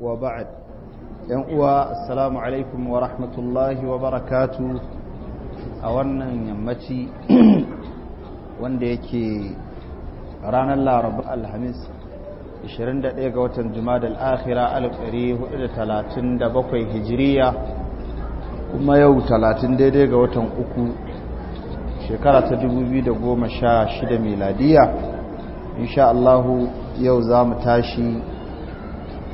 wa ba'ad yan uwa assalamu alaikum wa rahmatullahi wa barakatu a wannan yammaci wanda yake ranar laraba alhamis 21 ga watan jumadal akhira 1437 hijiriya kuma yau 30 daidai ga watan uku shekara ta 2016 miladiya insha Allahu yau za mu tashi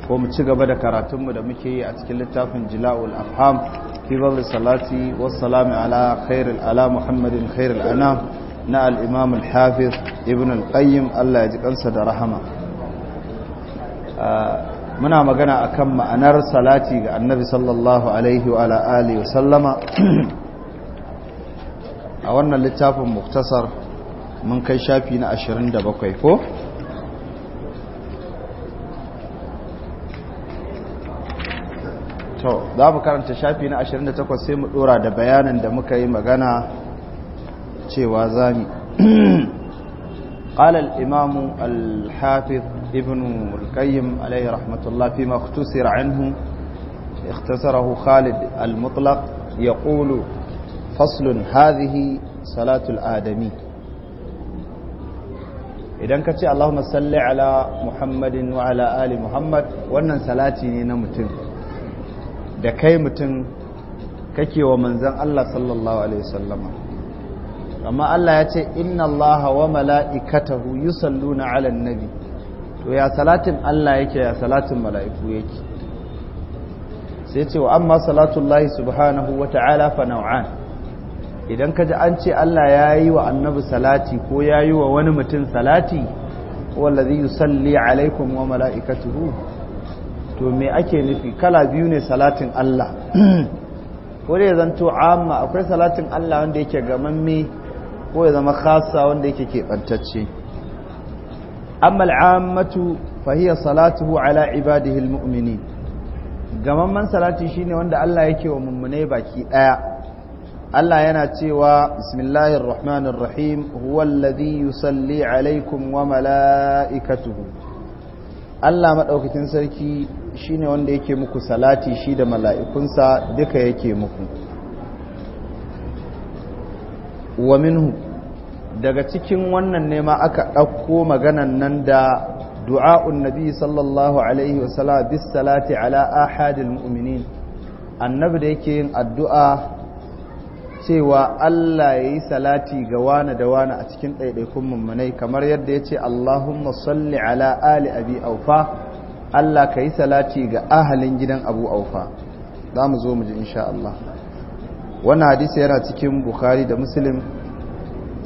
ko mu ci gaba da karatunmu da muke yi a cikin littafin jila'ul afham fi babu salati wassalamu ala khairul ala muhammadin khairul ana na al-imam al-hafiz ibn al-qayyim Allah ya ji kansa da rahama ah, muna magana akan ma'anar salati ga annabi sallallahu alaihi wa ala alihi wa sallama a wannan littafin muktasar mun kai shafi na 27 ko to za mu karanta shafi na 28 sai mu dora da bayanin da muka yi magana cewa zami قال الإمام الحافظ ابن القيم عليه رحمة الله فيما اختصر عنه اختصره خالد المطلق يقول فصل هذه صلاة الآدمي idan ka ce Allahumma salli Muhammadin wa ala ali Muhammad wannan salati ne na mutum da kai mutum kake wa manzan Allah sallallahu alaihi wasallama amma Allah ya ce inna allaha wa mala'ikatahu yusalluna 'alan nabi to ya salatin Allah yake ya salatin mala'iku yake sai ce wa amma salatullahi subhanahu wa ta'ala fa idan ka ji an ce Allah ya yi wa annabi salati ko ya yi wa wani mutum salati wallazi yusalli alaikum wa mala'ikatuhu to me ake nufi kala biyu ne salatin Allah ko da zanto amma akwai salatin Allah wanda yake gamamme ko ya zama khasa wanda yake kebantacce amma al'ammatu fahiyar salatuhu ala ibadihi almu'mini gamamman salati shine wanda Allah yake wa mummune baki ɗaya Allah yana cewa bismillahir rahmanir rahim huwal ladhi yusalli alaikum wa mala'ikatuhu Allah madaukakin sarki shine wanda yake muku salati shi da mala'ikunsa duka yake muku wa minhu daga cikin wannan nema aka ɗauko maganan nan da du'a'un nabi sallallahu alaihi wasallam bis salati ala ahadil mu'minin annabi da yake yin addu'a cewa Allah ya yi salati ga wane da wane a cikin ɗaiɗaikun mummunai kamar yadda ya ce Allahumma salli ala ali abi aufa Allah ka yi salati ga ahalin gidan abu aufa za mu zo mu ji insha Allah Wani hadisi yana cikin bukhari da muslim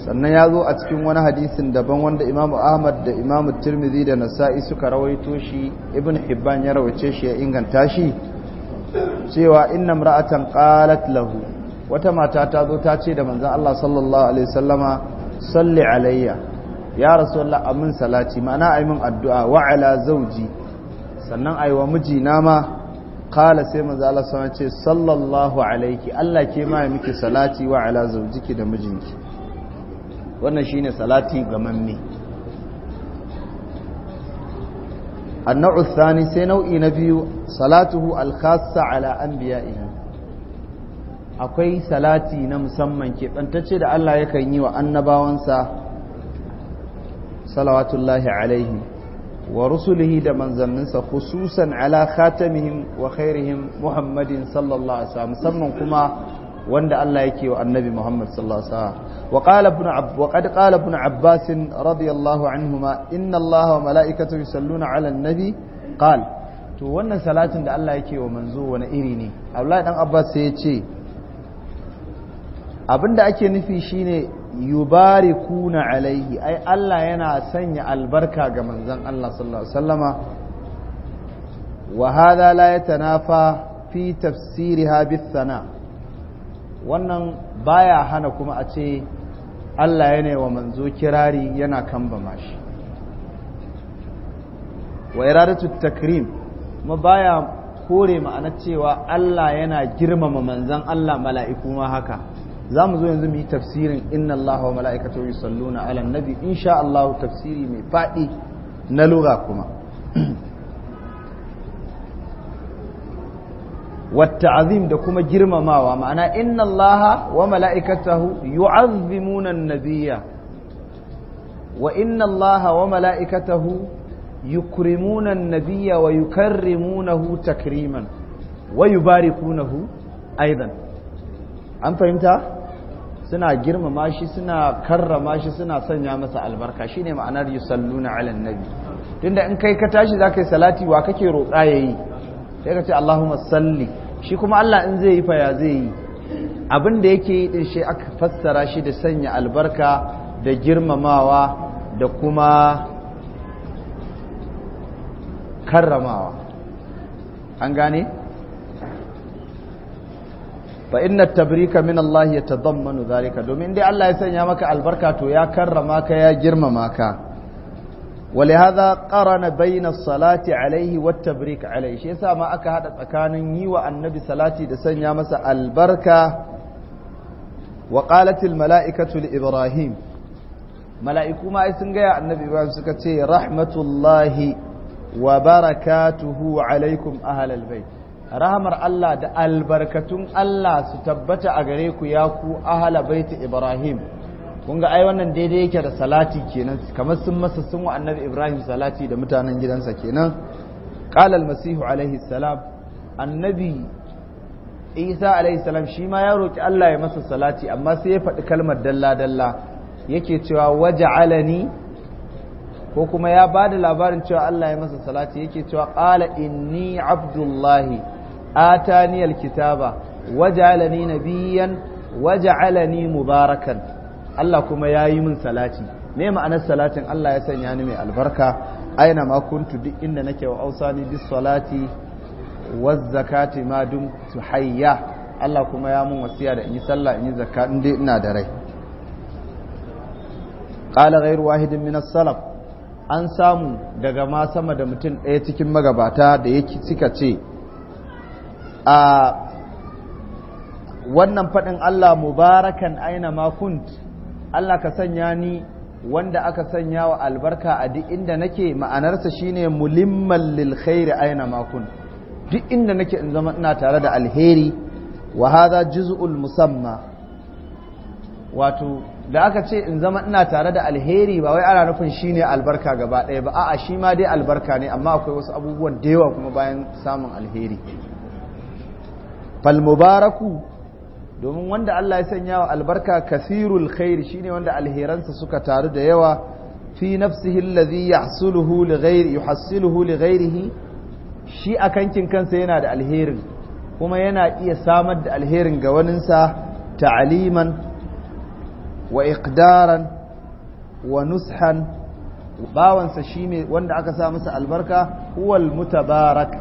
sannan ya zo a cikin wani hadisin daban wanda imamu ahmad da imamu turmizi da nasa'i suka rawaito shi ibn hibban ya rawace shi ya inganta shi cewa inna imra'atan qalat lahu wata mata ta zo ta ce da manzan Allah sallallahu alaihi wasallama salli alayya ya rasu allah amin salati ma'ana yi min addu'a wa'ala zauji." sannan a miji wa mijina ma kala sai maza Allah sama ce sallallahu alaiki Allah ke ma ya miki salati wa ala zaujiki da mijinki wannan shine salati ga mamme annau thani sai nau'i na biyu salatuhu alkhassa ala anbiya'ihi akwai salati na musamman ke bantacce da Allah yakan yi wa annabawansa salawatullahi alaihi wa rusulihi da manzanninsa khususan ala khatamihim wa khairihim muhammadin sallallahu alaihi wasallam musamman kuma wanda Allah yake wa annabi Muhammad sallallahu alaihi wasallam wa qala ibn ab wa qad qala ibn abbas radiyallahu anhuma inna allaha wa malaikatahu yusalluna ala an-nabi qal to wannan salatin da Allah yake wa manzo wani iri ne Abdullahi dan Abbas sai ya ce abinda ake nufi shine yubarikuna alaihi ai Allah yana sanya albarka ga manzon Allah sallallahu alaihi wasallama wa hada la yatanafa fi tafsiriha sana wannan baya hana kuma a ce Allah yana wa manzo kirari yana kambama shi wa iradatu takrim kuma baya kore ma'anar cewa Allah yana girmama manzon Allah mala'iku ma haka za mu zo yanzu mu yi tafsirin inna Allah wa mala'ikatu salluna ala nabi insha Allah tafsiri mai faɗi na lura kuma wata azim da kuma girmamawa ma'ana inna Allah wa mala'ikatahu yu'azzimuna nabiyya wa inna Allah wa mala'ikatahu yukrimuna nabiyya wa yukarrimunahu takriman wa yubaricunahu aidan an fahimta suna girmama shi suna karrama shi suna sanya masa albarka shine ma'anar yusalluna ala nabi tunda in kai ka tashi zaka yi salati wa kake roƙa yayi sai ka ce Allahumma salli shi kuma Allah in zai yi fa ya zai yi abin da yake yi din shi aka fassara shi da sanya albarka da girmamawa da kuma karramawa an gane fa inna tabrika min Allah ya tadammanu zalika domin dai Allah ya sanya maka albarka to ya karrama ka ya girmama ka ولهذا karana baina salati عليه والتبريك عليه shi yasa ma aka hada tsakanin yi wa annabi salati da sanya masa albarka wa qalat malaikatu ibrahim mala'iku a sun gaya annabi ibrahim suka ce rahmatullahi wa barakatuhu alaikum ahlal bait rahamar Allah da albarkatun Allah su tabbata a gare ku ya ku ahala baita Ibrahim kun ga ai wannan daidai yake da salati kenan kamar sun masa sun wa annabi Ibrahim salati da mutanen gidansa kenan qala al-masih alaihi salam annabi Isa alaihi salam shi ma ya roki Allah ya masa salati amma sai ya faɗi kalmar dalla dalla yake cewa waja'alani ko kuma ya bada labarin cewa Allah ya masa salati yake cewa qala inni abdullahi atani alkitaba waj'alani nabiyyan alani mubarakan Allah kuma yayi min salati me ma'anar salatin Allah ya sanya ni mai albarka aina ma kuntu duk inda nake wa ausani bis salati waz zakati ma dum tuhayya Allah kuma ya mun wasiya da in yi sallah in yi zakka in dai ina da rai qala ghayru wahidin min salaf an samu daga ma sama da mutum ɗaya cikin magabata da yake suka ce a wannan faɗin Allah mubarakan aina makunt Allah ka sanya ni wanda aka sanya wa albarka a duk inda nake ma'anarsa shine mulimman lil khair aina makunt duk inda nake in zama ina tare da alheri wa hadha juz'ul musamma wato da aka ce in zama ina tare da alheri ba wai ana nufin shine albarka gaba ɗaya ba a'a shi ma dai albarka ne amma akwai wasu abubuwan da yawa kuma bayan samun alheri falmubaraku domin wanda Allah ya sanya wa albarka kasirul khair shine wanda alheransa suka taru da yawa fi nafsihi allazi yahsuluhu li ghairi yuhassiluhu li ghairihi shi akankin kansa yana da alherin kuma yana iya samar da alherin ga waninsa ta'aliman wa iqdaran wa nushan bawansa shine wanda aka sa masa albarka huwal mutabarak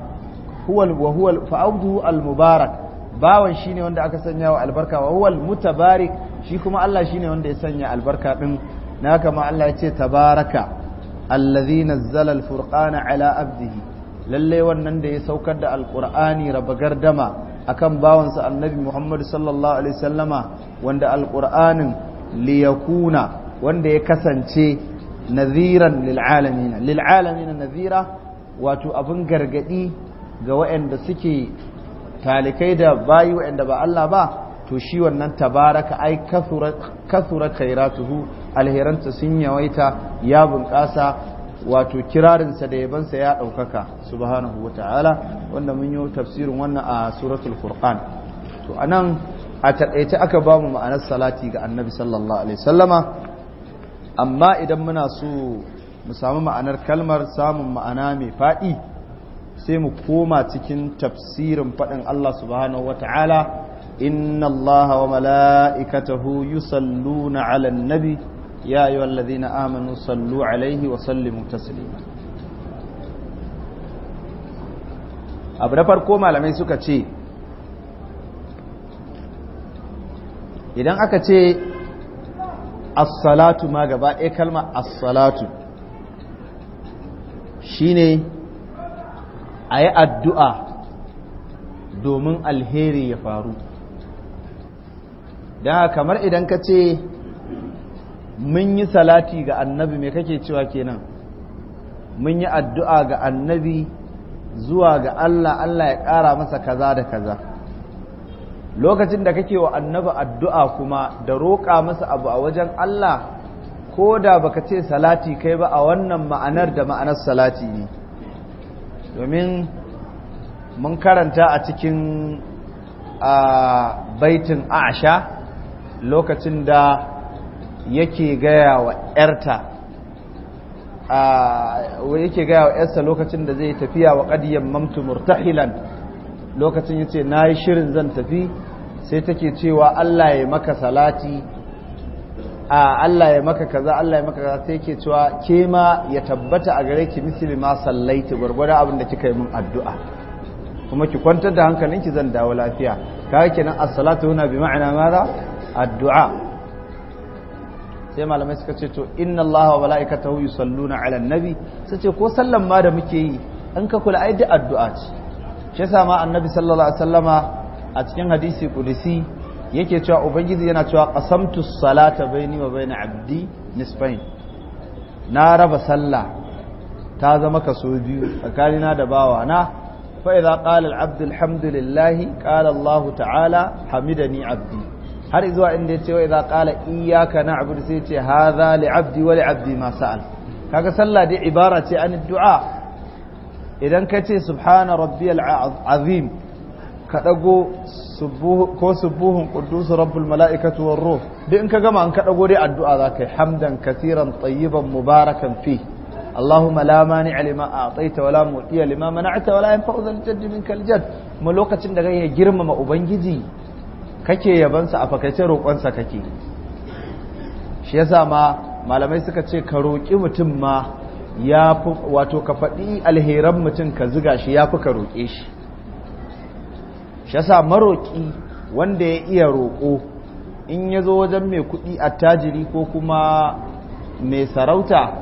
huwal wa huwal fa'udu al mubarak bawan shine wanda aka sanya wa albarka wa huwal mutabarik shi kuma Allah shine wanda ya sanya albarka din na kama Allah ya ce tabaraka allazi nazzala alfurqana ala abdihi lalle wannan da ya saukar da alqur'ani raba gardama akan bawansa annabi Muhammad sallallahu alaihi wasallama wanda alqur'anin liyakuna wanda ya kasance nadhiran lil alamin lil alamin nadhira wato abun gargadi ga waɗanda suke talikai da bayi wa'anda ba Allah ba to shi wannan tabaraka ai kasura khairatuhu alheranta sun yawaita ya bunƙasa wato kirarinsa da yabansa ya ɗaukaka subhanahu wa ta'ala wanda mun yi tafsirin wannan a suratul qur'an to anan a taƙaice aka ba mu ma'anar salati ga annabi sallallahu alaihi sallama amma idan muna so mu samu ma'anar kalmar samun ma'ana mai faɗi sai mu koma cikin tafsirin faɗin Allah subhanahu ta’ala inna Allah wa mala'ikatahu na 'alan nabi ya na amanu sallu 'alaihi wa sallimu taslima abu da farko malamai suka ce idan aka ce assalatu ma gaba ɗaya kalmar assalatu shine a yi addu'a domin alheri ya faru Da kamar idan ka ce mun yi salati ga annabi mai kake cewa kenan mun yi addu'a ga annabi zuwa ga Allah Allah ya ƙara masa kaza da kaza lokacin da kake wa annabi addu'a kuma da roƙa masa abu a wajen Allah ko da ba ka ce salati kai ba a wannan ma'anar da ma'anar salati ne domin mun karanta a cikin a baitin asha lokacin da yake gaya wa ‘yarta yake gaya wa ‘yarsa lokacin da zai tafiya wa ƙadiyyar mamtu murtahilan lokacin yace na yi shirin zan tafi sai take cewa Allah ya maka salati a Allah ya maka kaza Allah ya maka kaza sai yake cewa ke ma ya tabbata a gare ki misali ma sallaiti gwargwada abin da kika yi min addu'a kuma ki kwantar da ki zan dawo lafiya kaga kenan as-salatu huna bi ma'ana mara addu'a sai malamai suka ce to inna Allah wa mala'ikatahu yusalluna 'ala an-nabi sai ce ko sallan ma da muke yi an ka kula ai da addu'a ce shi yasa ma annabi sallallahu alaihi wasallama a cikin hadisi qudsi yake cewa ubangiji yana cewa qasamtu salata baini wa baina abdi nisfain na raba sallah ta zama kaso biyu tsakanina da bawa na fa idza qala al-abd alhamdulillah qala Allah ta'ala hamidani abdi har zuwa inda yace wa idza qala iyyaka na'budu sai yace hadha li abdi wa abdi ma sa'al kaga sallah dai ibara ce an du'a idan kace subhana rabbiyal azim ka dago ko subuhun quddus rabbul malaikatu war ruh duk in ka gama an ka dago dai addu'a zaka yi hamdan katiran tayyiban mubarakan fi اللهم لا مانع لما اعطيت ولا معطي لما منعت ولا ينفع ذا الجد منك الجد mu lokacin da gaya girmama ubangiji kake yabansa a fakaice roƙonsa kake shi yasa ma malamai suka ce ka roƙi mutum ma ya fi wato ka faɗi alheran mutum ka ziga shi ya fi ka roƙe shi Shasa maroƙi maroki wanda ya iya roƙo in ya zo wajen mai kuɗi a tajiri ko kuma mai sarauta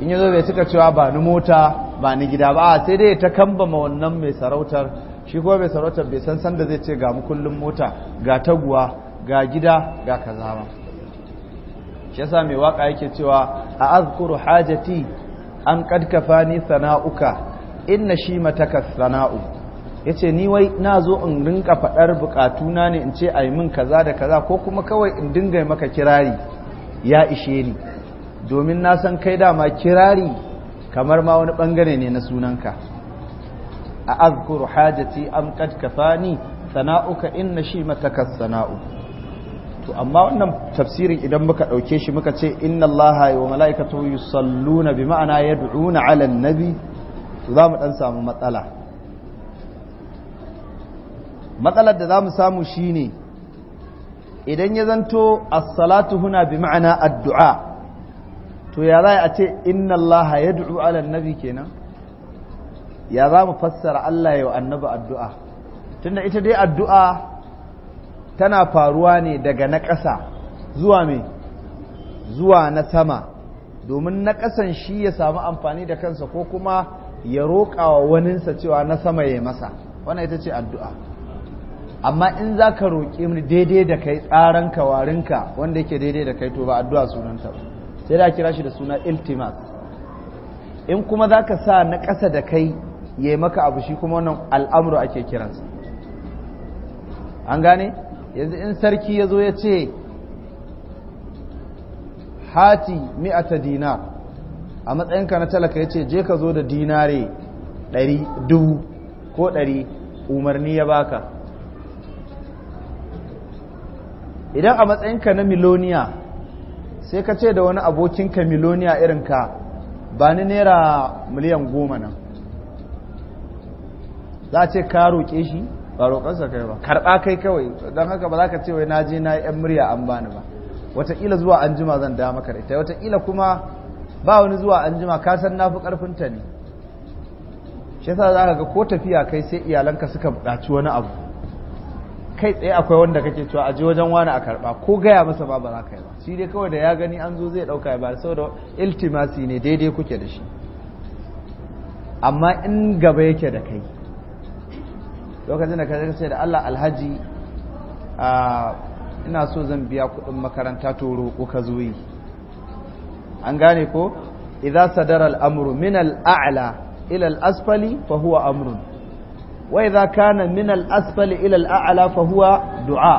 in ya zo bai cika cewa ba ni mota ba ni gida ba sai dai ta kambama wannan mai sarautar shi kuma mai sarautar bai san sanda zai ce ga mukullin mota ga taguwa ga gida ga kaza ba shi yasa mai waka yake cewa a azkuru hajati an kad ni sana'uka inna shi mataka sana'u ya ce ni wai na zo in rinka faɗar bukatuna ne in ce a yi min kaza da kaza ko kuma kawai in dinga maka kirari ya ishe ni domin na san kai dama kirari kamar ma wani ɓangare ne na sunanka a azkuru hajati am kad kafani sana'uka inna shi matakas sana'u to amma wannan tafsirin idan muka ɗauke shi muka ce inna allaha wa mala'ikatu yusalluna bi ma'ana yad'una na nabi to za mu ɗan samu matsala matsalar da za mu samu shine idan ya zanto assalatu salatu huna bi ma'ana addu'a to ya za a ce inna allaha ya ala annabi kenan ya za mu fassara Allah ya annabi addu'a tunda ita dai addu'a tana faruwa ne daga na ƙasa zuwa mai zuwa na sama domin na ƙasan shi ya samu amfani da kansa ko kuma ya roƙa wa waninsa cewa na sama ya masa wannan ita ce addu'a amma in za ka roƙi mini daidai da kai tsaranka warinka wanda yake daidai da kai to ba addu'a sunanta ba sai da kira shi da suna iltimas in kuma za ka sa na ƙasa da kai ya yi maka abu shi kuma wannan al'amuru ake kiransa an gane yanzu in sarki ya zo ya ce hati mi'ata dinar a matsayinka na talaka ya ce je ka zo da dinare ɗari dubu ko ɗari umarni ya baka idan a matsayinka na miloniya sai ka ce da wani abokinka miloniya irinka ba ni naira miliyan goma nan za a ce ka roƙe shi ba roƙonsa kai ba karɓa kai kawai don haka ba za ka ce wai na je na yan murya an bani ba wataƙila zuwa an jima zan da maka ta wataƙila kuma ba wani zuwa an jima ka san na fi ƙarfinta ne shi yasa za ka ga ko tafiya kai sai iyalanka suka buƙaci wani abu kai tsaye akwai wanda kake cewa aje wajen wani a karba ko gaya masa ba ba za ka yi ba shi dai kawai da ya gani an zo zai dauka ya ba da iltimasi ne daidai kuke da shi amma in gaba yake da kai lokacin da ka sai da Allah alhaji ina so zan biya kuɗin makaranta to roƙo ka zo yi an gane ko idza sadara al-amru min al-a'la ila al-asfali fa huwa amrun wa idza kana min al asfali ila al a'la fa huwa du'a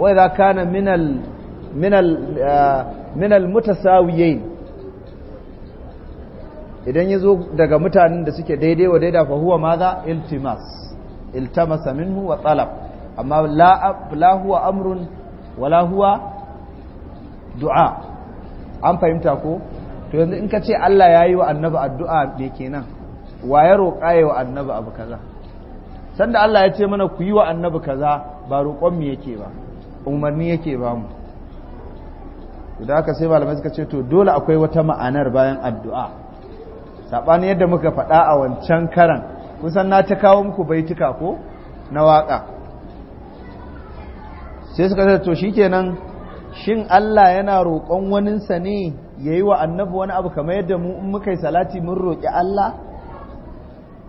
wa idza kana min al min al idan yazo daga mutanen da suke daidai wa daida fa huwa madha iltimas iltamasa minhu wa talab amma la la huwa amrun wala huwa du'a an fahimta ko to yanzu in ka ce Allah ya yi wa annabi addu'a me kenan wa ya roƙa ya wa annabi abu kaza sanda Allah ya ce mana ku yi wa annabi kaza ba roƙon mu yake ba umarni yake ba mu idan haka sai malamai suka ce to dole akwai wata ma'anar bayan addu'a saɓani yadda muka faɗa a wancan karan kusan na ta kawo muku baituka ko na waka. sai suka ce to shikenan shin Allah yana roƙon waninsa ne ya yi wa annabi wani abu kamar yadda mu in muka yi salati mun roƙi Allah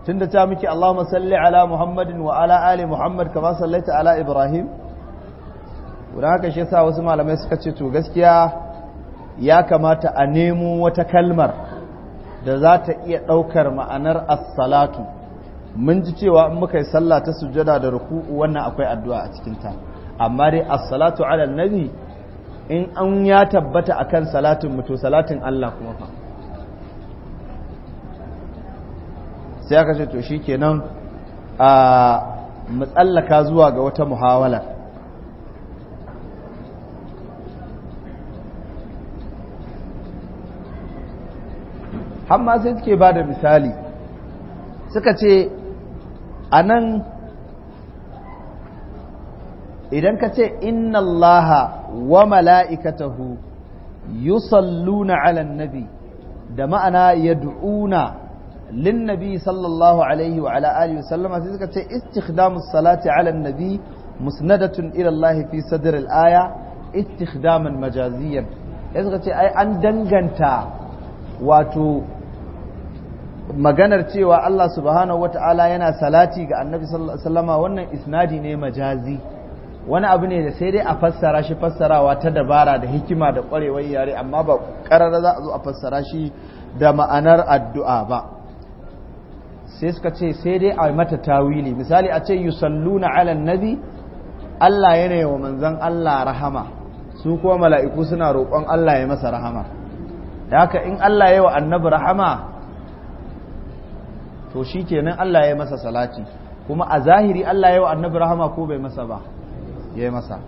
tunda ta miki Allah salli ala Muhammadin wa ala ali Muhammad kama sallaita ala Ibrahim wanda haka shi sa wasu malamai suka ce to gaskiya ya kamata a nemo wata kalmar da za ta iya ɗaukar ma'anar assalatu mun ji cewa in muka yi sallah ta sujada da ruku'u wannan akwai addu'a a cikin ta amma dai assalatu ala nabi in an ya tabbata akan salatin mutu salatin Allah kuma fa sai aka ce to shi kenan a matsallaka zuwa ga wata muhawala. amma sai suke ba da misali suka ce a nan idan ka ce inna allaha wa mala'ikatahu yusalluna ala nabi da ma'ana yadu'una linnabi sallallahu alaihi wa ala alihi ce istikhdamu salati ala nabi musnadatun ila fi sadr al-aya istikhdaman majaziyan sai ce ai an danganta wato maganar cewa Allah subhanahu wata'ala yana salati ga annabi sallallahu wannan isnadi ne majazi wani abu ne da sai dai a fassara shi fassarawa ta dabara da hikima da kwarewar yare amma ba karara za a zo a shi da ma'anar addu'a ba sai suka ce sai dai a mata tawili misali a ce yusalluna ala nabi Allah yana yi wa manzan Allah rahama su kuma mala'iku suna roƙon Allah ya masa rahama da haka in Allah ya yi wa annabi rahama to shi kenan Allah ya masa salati kuma a zahiri Allah ya yi wa annabi rahama ko bai masa ba ya yi masa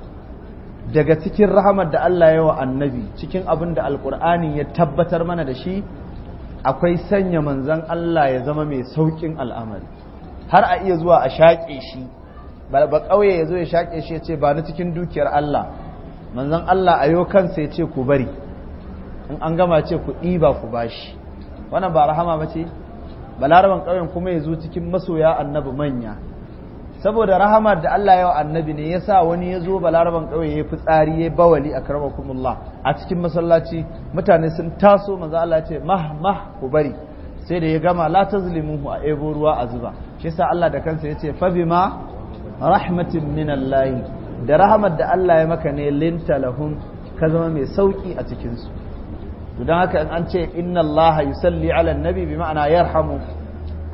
daga cikin rahamar da Allah ya yi wa annabi cikin abin da alƙur'ani ya tabbatar mana da shi akwai sanya manzan Allah ya zama mai sauƙin al'amari har a iya zuwa a shaƙe shi ba ƙauye ya zo ya shaƙe shi ya ce ba na cikin dukiyar Allah manzan Allah a yau kansa ya ce ku bari in an gama ce ku ɗiba ku bashi wannan ba rahama ba ce larabar ƙauyen kuma ya zo cikin masoya annabi manya saboda rahamar da Allah yawa annabi ne ya sa wani ya zo balaraban ƙauye ya fi tsari ya bawali a karamakumullah a cikin masallaci mutane sun taso maza Allah ce mah ku bari sai da ya gama la a ebo ruwa a zuba shi sa Allah da kansa ya ce fa ma rahmatin min layi da rahamar da Allah ya maka ne linta lahum ka zama mai sauki a cikinsu don haka an ce inna Allah yusalli ala bi ma'ana yarhamu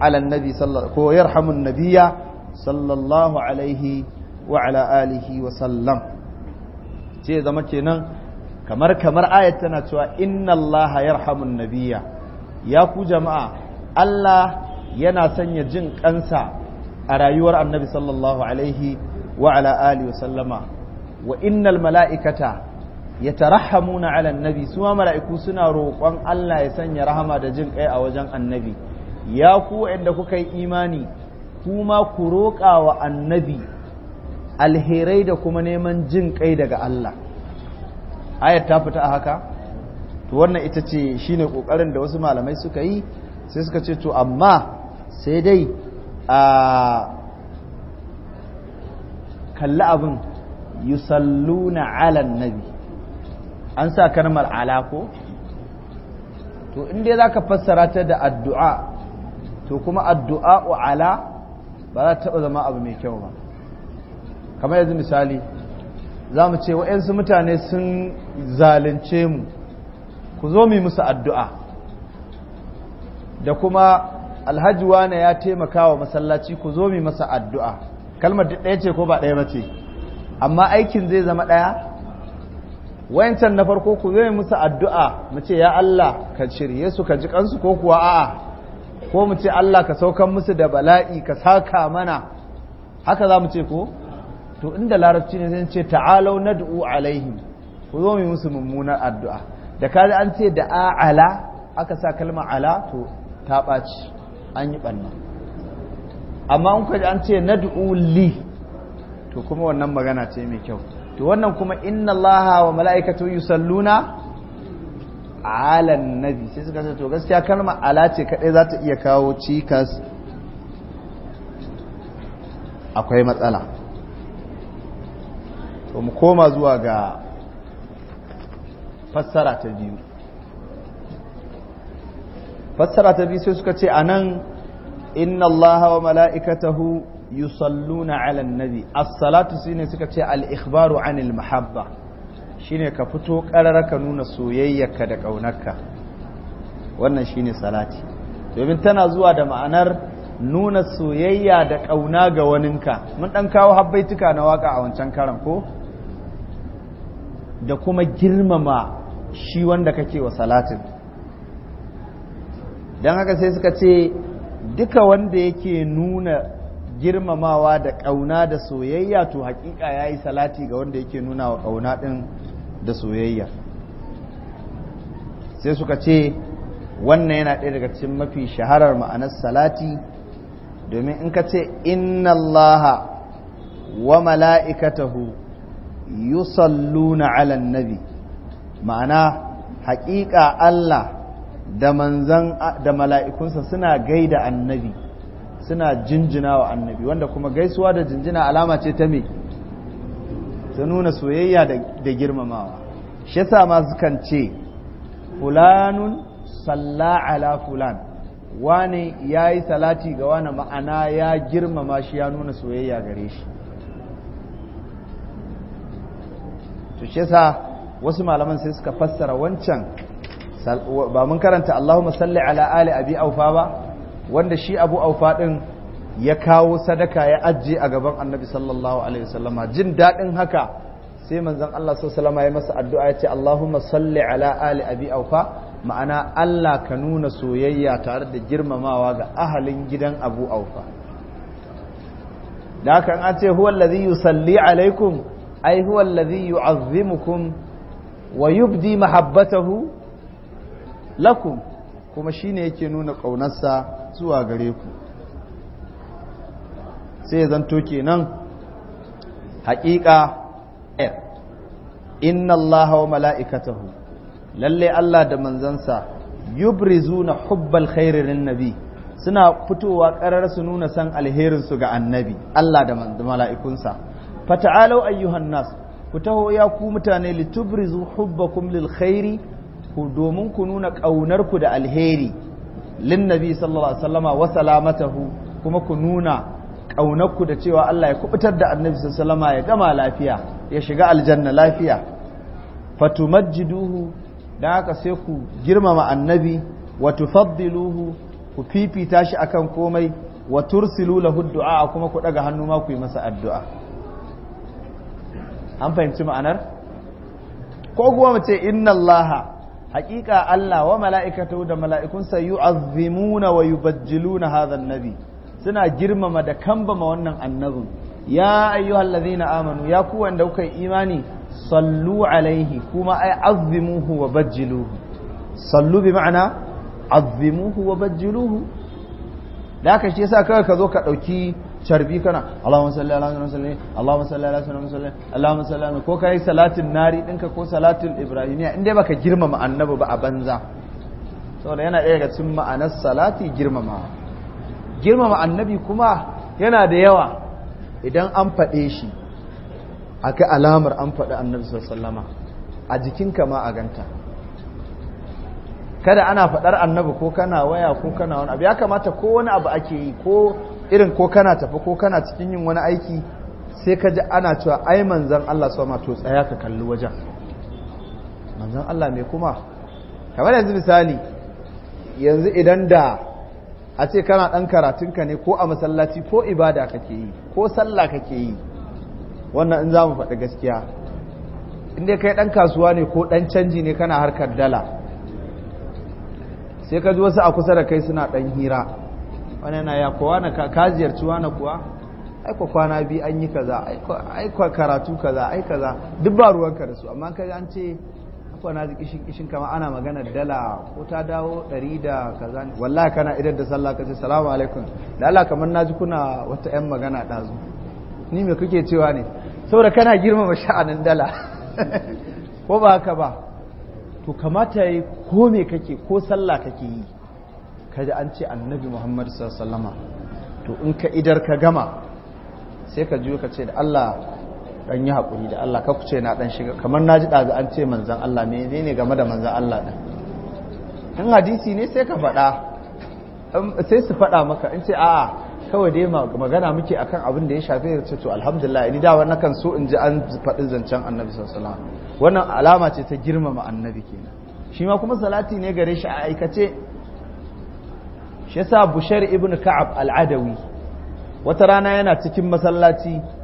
ala sallallahu ko yarhamu annabiyya sallallahu alaihi wa ala alihi wa sallam ce zama kenan kamar kamar ayat tana cewa inna allaha yarhamun nabiyya ya ku jama'a Allah yana sanya jin kansa a rayuwar annabi sallallahu alaihi wa ala alihi wa sallama wa innal mala'ikata yatarahhamuna ala annabi su ma mala'iku suna roƙon Allah ya sanya rahama da jin kai a wajen annabi ya ku wanda kuka yi imani kuma ku roƙa wa annabi alherai da kuma neman jin kai daga Allah ayat ta fita a haka to wannan ita ce shine ƙoƙarin da wasu malamai suka yi sai suka ce to amma sai dai a kalli abin yusalluna ala nabi an sa kalmar ala ko to inda za ka fassara ta da addu'a to kuma addu'a ala ba za ta taɓa zama abu mai kyau ba kamar yanzu misali za mu ce wa'yansu mutane sun zalunce mu ku zo mu musu addu'a da kuma alhaji wane ya taimaka wa masallaci ku zo mu masa addu'a kalmar ɗaya ce ko ba ɗaya ba amma aikin zai zama ɗaya wayancan na farko ku zo musu addu'a mu ce ya Allah ka shirye su ka ji kansu ko kuwa a'a ko mu ce Allah ka saukan musu da bala'i ka saka mana haka za mu ce ko to inda larabci ne zai ce ta'alau na du'u alaihim ku zo mu musu mummunar addu'a da kada an ce da ala aka sa kalmar ala to ta ɓaci an yi ɓanna amma in da an ce na du'u li to kuma wannan magana ce mai kyau to wannan kuma inna allaha wa mala'ikatu yusalluna alan nabi sai suka ce to gaskiya kalmar ala ce kadai za ta iya kawo cikas akwai matsala to mu koma zuwa ga fassara ta biyu fassara ta biyu sai suka ce anan inna allaha wa mala'ikatahu yusalluna ala nabi as-salatu sine suka ce al-ikhbaru anil mahabba shine ka fito ƙararra ka nuna soyayyarka da ƙaunarka wannan shine salati domin tana zuwa da ma'anar nuna soyayya da ƙauna ga waninka mun ɗan kawo habbaituka na waƙa a wancan karan ko da kuma girmama shi wanda kake wa salatin don haka sai suka ce duka wanda yake nuna girmamawa da ƙauna da soyayya to hakika ya yi salati ga wanda yake nuna wa ƙauna ɗin da soyayya sai suka ce wannan yana ɗaya daga cikin mafi shaharar ma'anar salati domin in ka ce inna allaha wa mala'ikatahu yusalluna alan nabi ma'ana haƙiƙa Allah da manzan da mala'ikunsa suna gaida annabi suna jinjina wa annabi wanda kuma gaisuwa da jinjina alama ce ta mai. ta nuna soyayya da girmamawa shi sa ma sukan ce fulanun salla ala fulan wani ya yi salati ga wani ma'ana ya girmama shi ya nuna soyayya gare shi to shi sa wasu malaman sai suka fassara wancan ba mun karanta allahu salli ala ali abi aufa ba wanda shi abu aufa din ya kawo sadaka ya ajiye a gaban annabi sallallahu alaihi wasallama jin daɗin haka sai manzon Allah sallallahu alaihi ya masa addu'a ya ce Allahumma salli ala ali abi aufa ma'ana Allah ka nuna soyayya tare da girmamawa ga ahalin gidan abu aufa da haka an ce huwa allazi yusalli alaikum ai huwa allazi yu'azzimukum wa yubdi mahabbatahu lakum kuma shine yake nuna ƙaunarsa zuwa gare ku sai zanto kenan haƙiƙa f inna allaha wa mala'ikatahu lalle Allah da manzansa yubrizuna hubbal khairin nabi suna fitowa karar su nuna san alherin su ga annabi Allah da mala'ikunsa fata'alau ayyuhan nas ku taho ya ku mutane litubrizu hubbakum lil khairi ku domin ku nuna kaunar ku da alheri lin nabi sallallahu alaihi wasallama wa salamatahu kuma ku nuna ƙaunarku da cewa Allah ya kubutar da annabi sallama ya gama lafiya ya shiga aljanna lafiya fatumajjiduhu da haka sai ku girmama annabi wa tufaddiluhu ku fifita shi akan komai wa tursilu lahu du'a kuma ku daga hannu ma ku yi masa addu'a an fahimci ma'anar ko kuma mu ce inna allaha haƙiƙa Allah wa mala'ikatu da mala'ikunsa yu'azzimuna wa yubajjiluna hadha an suna girmama da kambama wannan annabin ya ayyuhal ladhina amanu ya ku wanda kuka imani sallu alaihi kuma ay azzimuhu wa bajjiluhu sallu bi ma'ana azzimuhu wa bajjiluhu da haka shi yasa kawai ka zo ka dauki charbi kana Allahumma salli ala sayyidina Muhammad Allahumma salli ala sayyidina Muhammad Allahumma salli ala ko kai salatin nari dinka ko salatin ibrahimiya in baka girmama annabi ba a banza saboda yana ɗaya daga cikin ma'anar salati girmamawa girmama annabi kuma yana da yawa idan an faɗe shi aka alamar an faɗi annabi sallama a jikinka ma a ganta kada ana faɗar annabi ko kana waya ko kana wani abu ya kamata ko wani abu ake yi ko irin ko kana tafi ko kana cikin yin wani aiki sai ka ji ana cewa ai manzan Allah sama to tsaya ka kalli wajen manzan Allah mai kuma kamar yanzu misali yanzu idan da a ce kana ɗan karatunka ne ko a masallaci ko ibada kake yi ko sallah kake yi wannan in za mu faɗi gaskiya inda kai ɗan kasuwa ne ko dan canji ne kana harkar dala sai ka ji wasu a kusa da kai suna ɗan hira wani yana ya kowa na ka ziyarci wani kuwa aiko kwana biyu an yi kaza aiko karatu kaza aiko kaza duk ba ruwanka da su amma kai an ce ko na ji kishin kishin kama ana magana dala ko ta dawo ɗari da kaza ne kana idan da sallah ka salamu alaikum da Allah kamar na ji kuna wata yan magana ɗazu ni me kuke cewa ne saboda kana girmama sha'anin dala ko ba haka ba to kamata yi ko me kake ko sallah kake yi kaji an ce annabi muhammad sallallahu alaihi to in ka idar ka gama sai ka juyo ka ce da Allah dan yi hakuri da Allah ka kuce na dan shiga kamar naji daga an ce manzon Allah menene game da manzon Allah din in hadisi ne sai ka faɗa sai su faɗa maka in ce a'a kawai dai magana muke akan abin da ya shafe ya to alhamdulillah ni da wannan kan so in ji an faɗi zancen annabi sallallahu alaihi wannan alama ce ta girmama annabi kenan shi ma kuma salati ne gare shi a aikace shi yasa bushair ibn ka'ab al-adawi wata rana yana cikin masallaci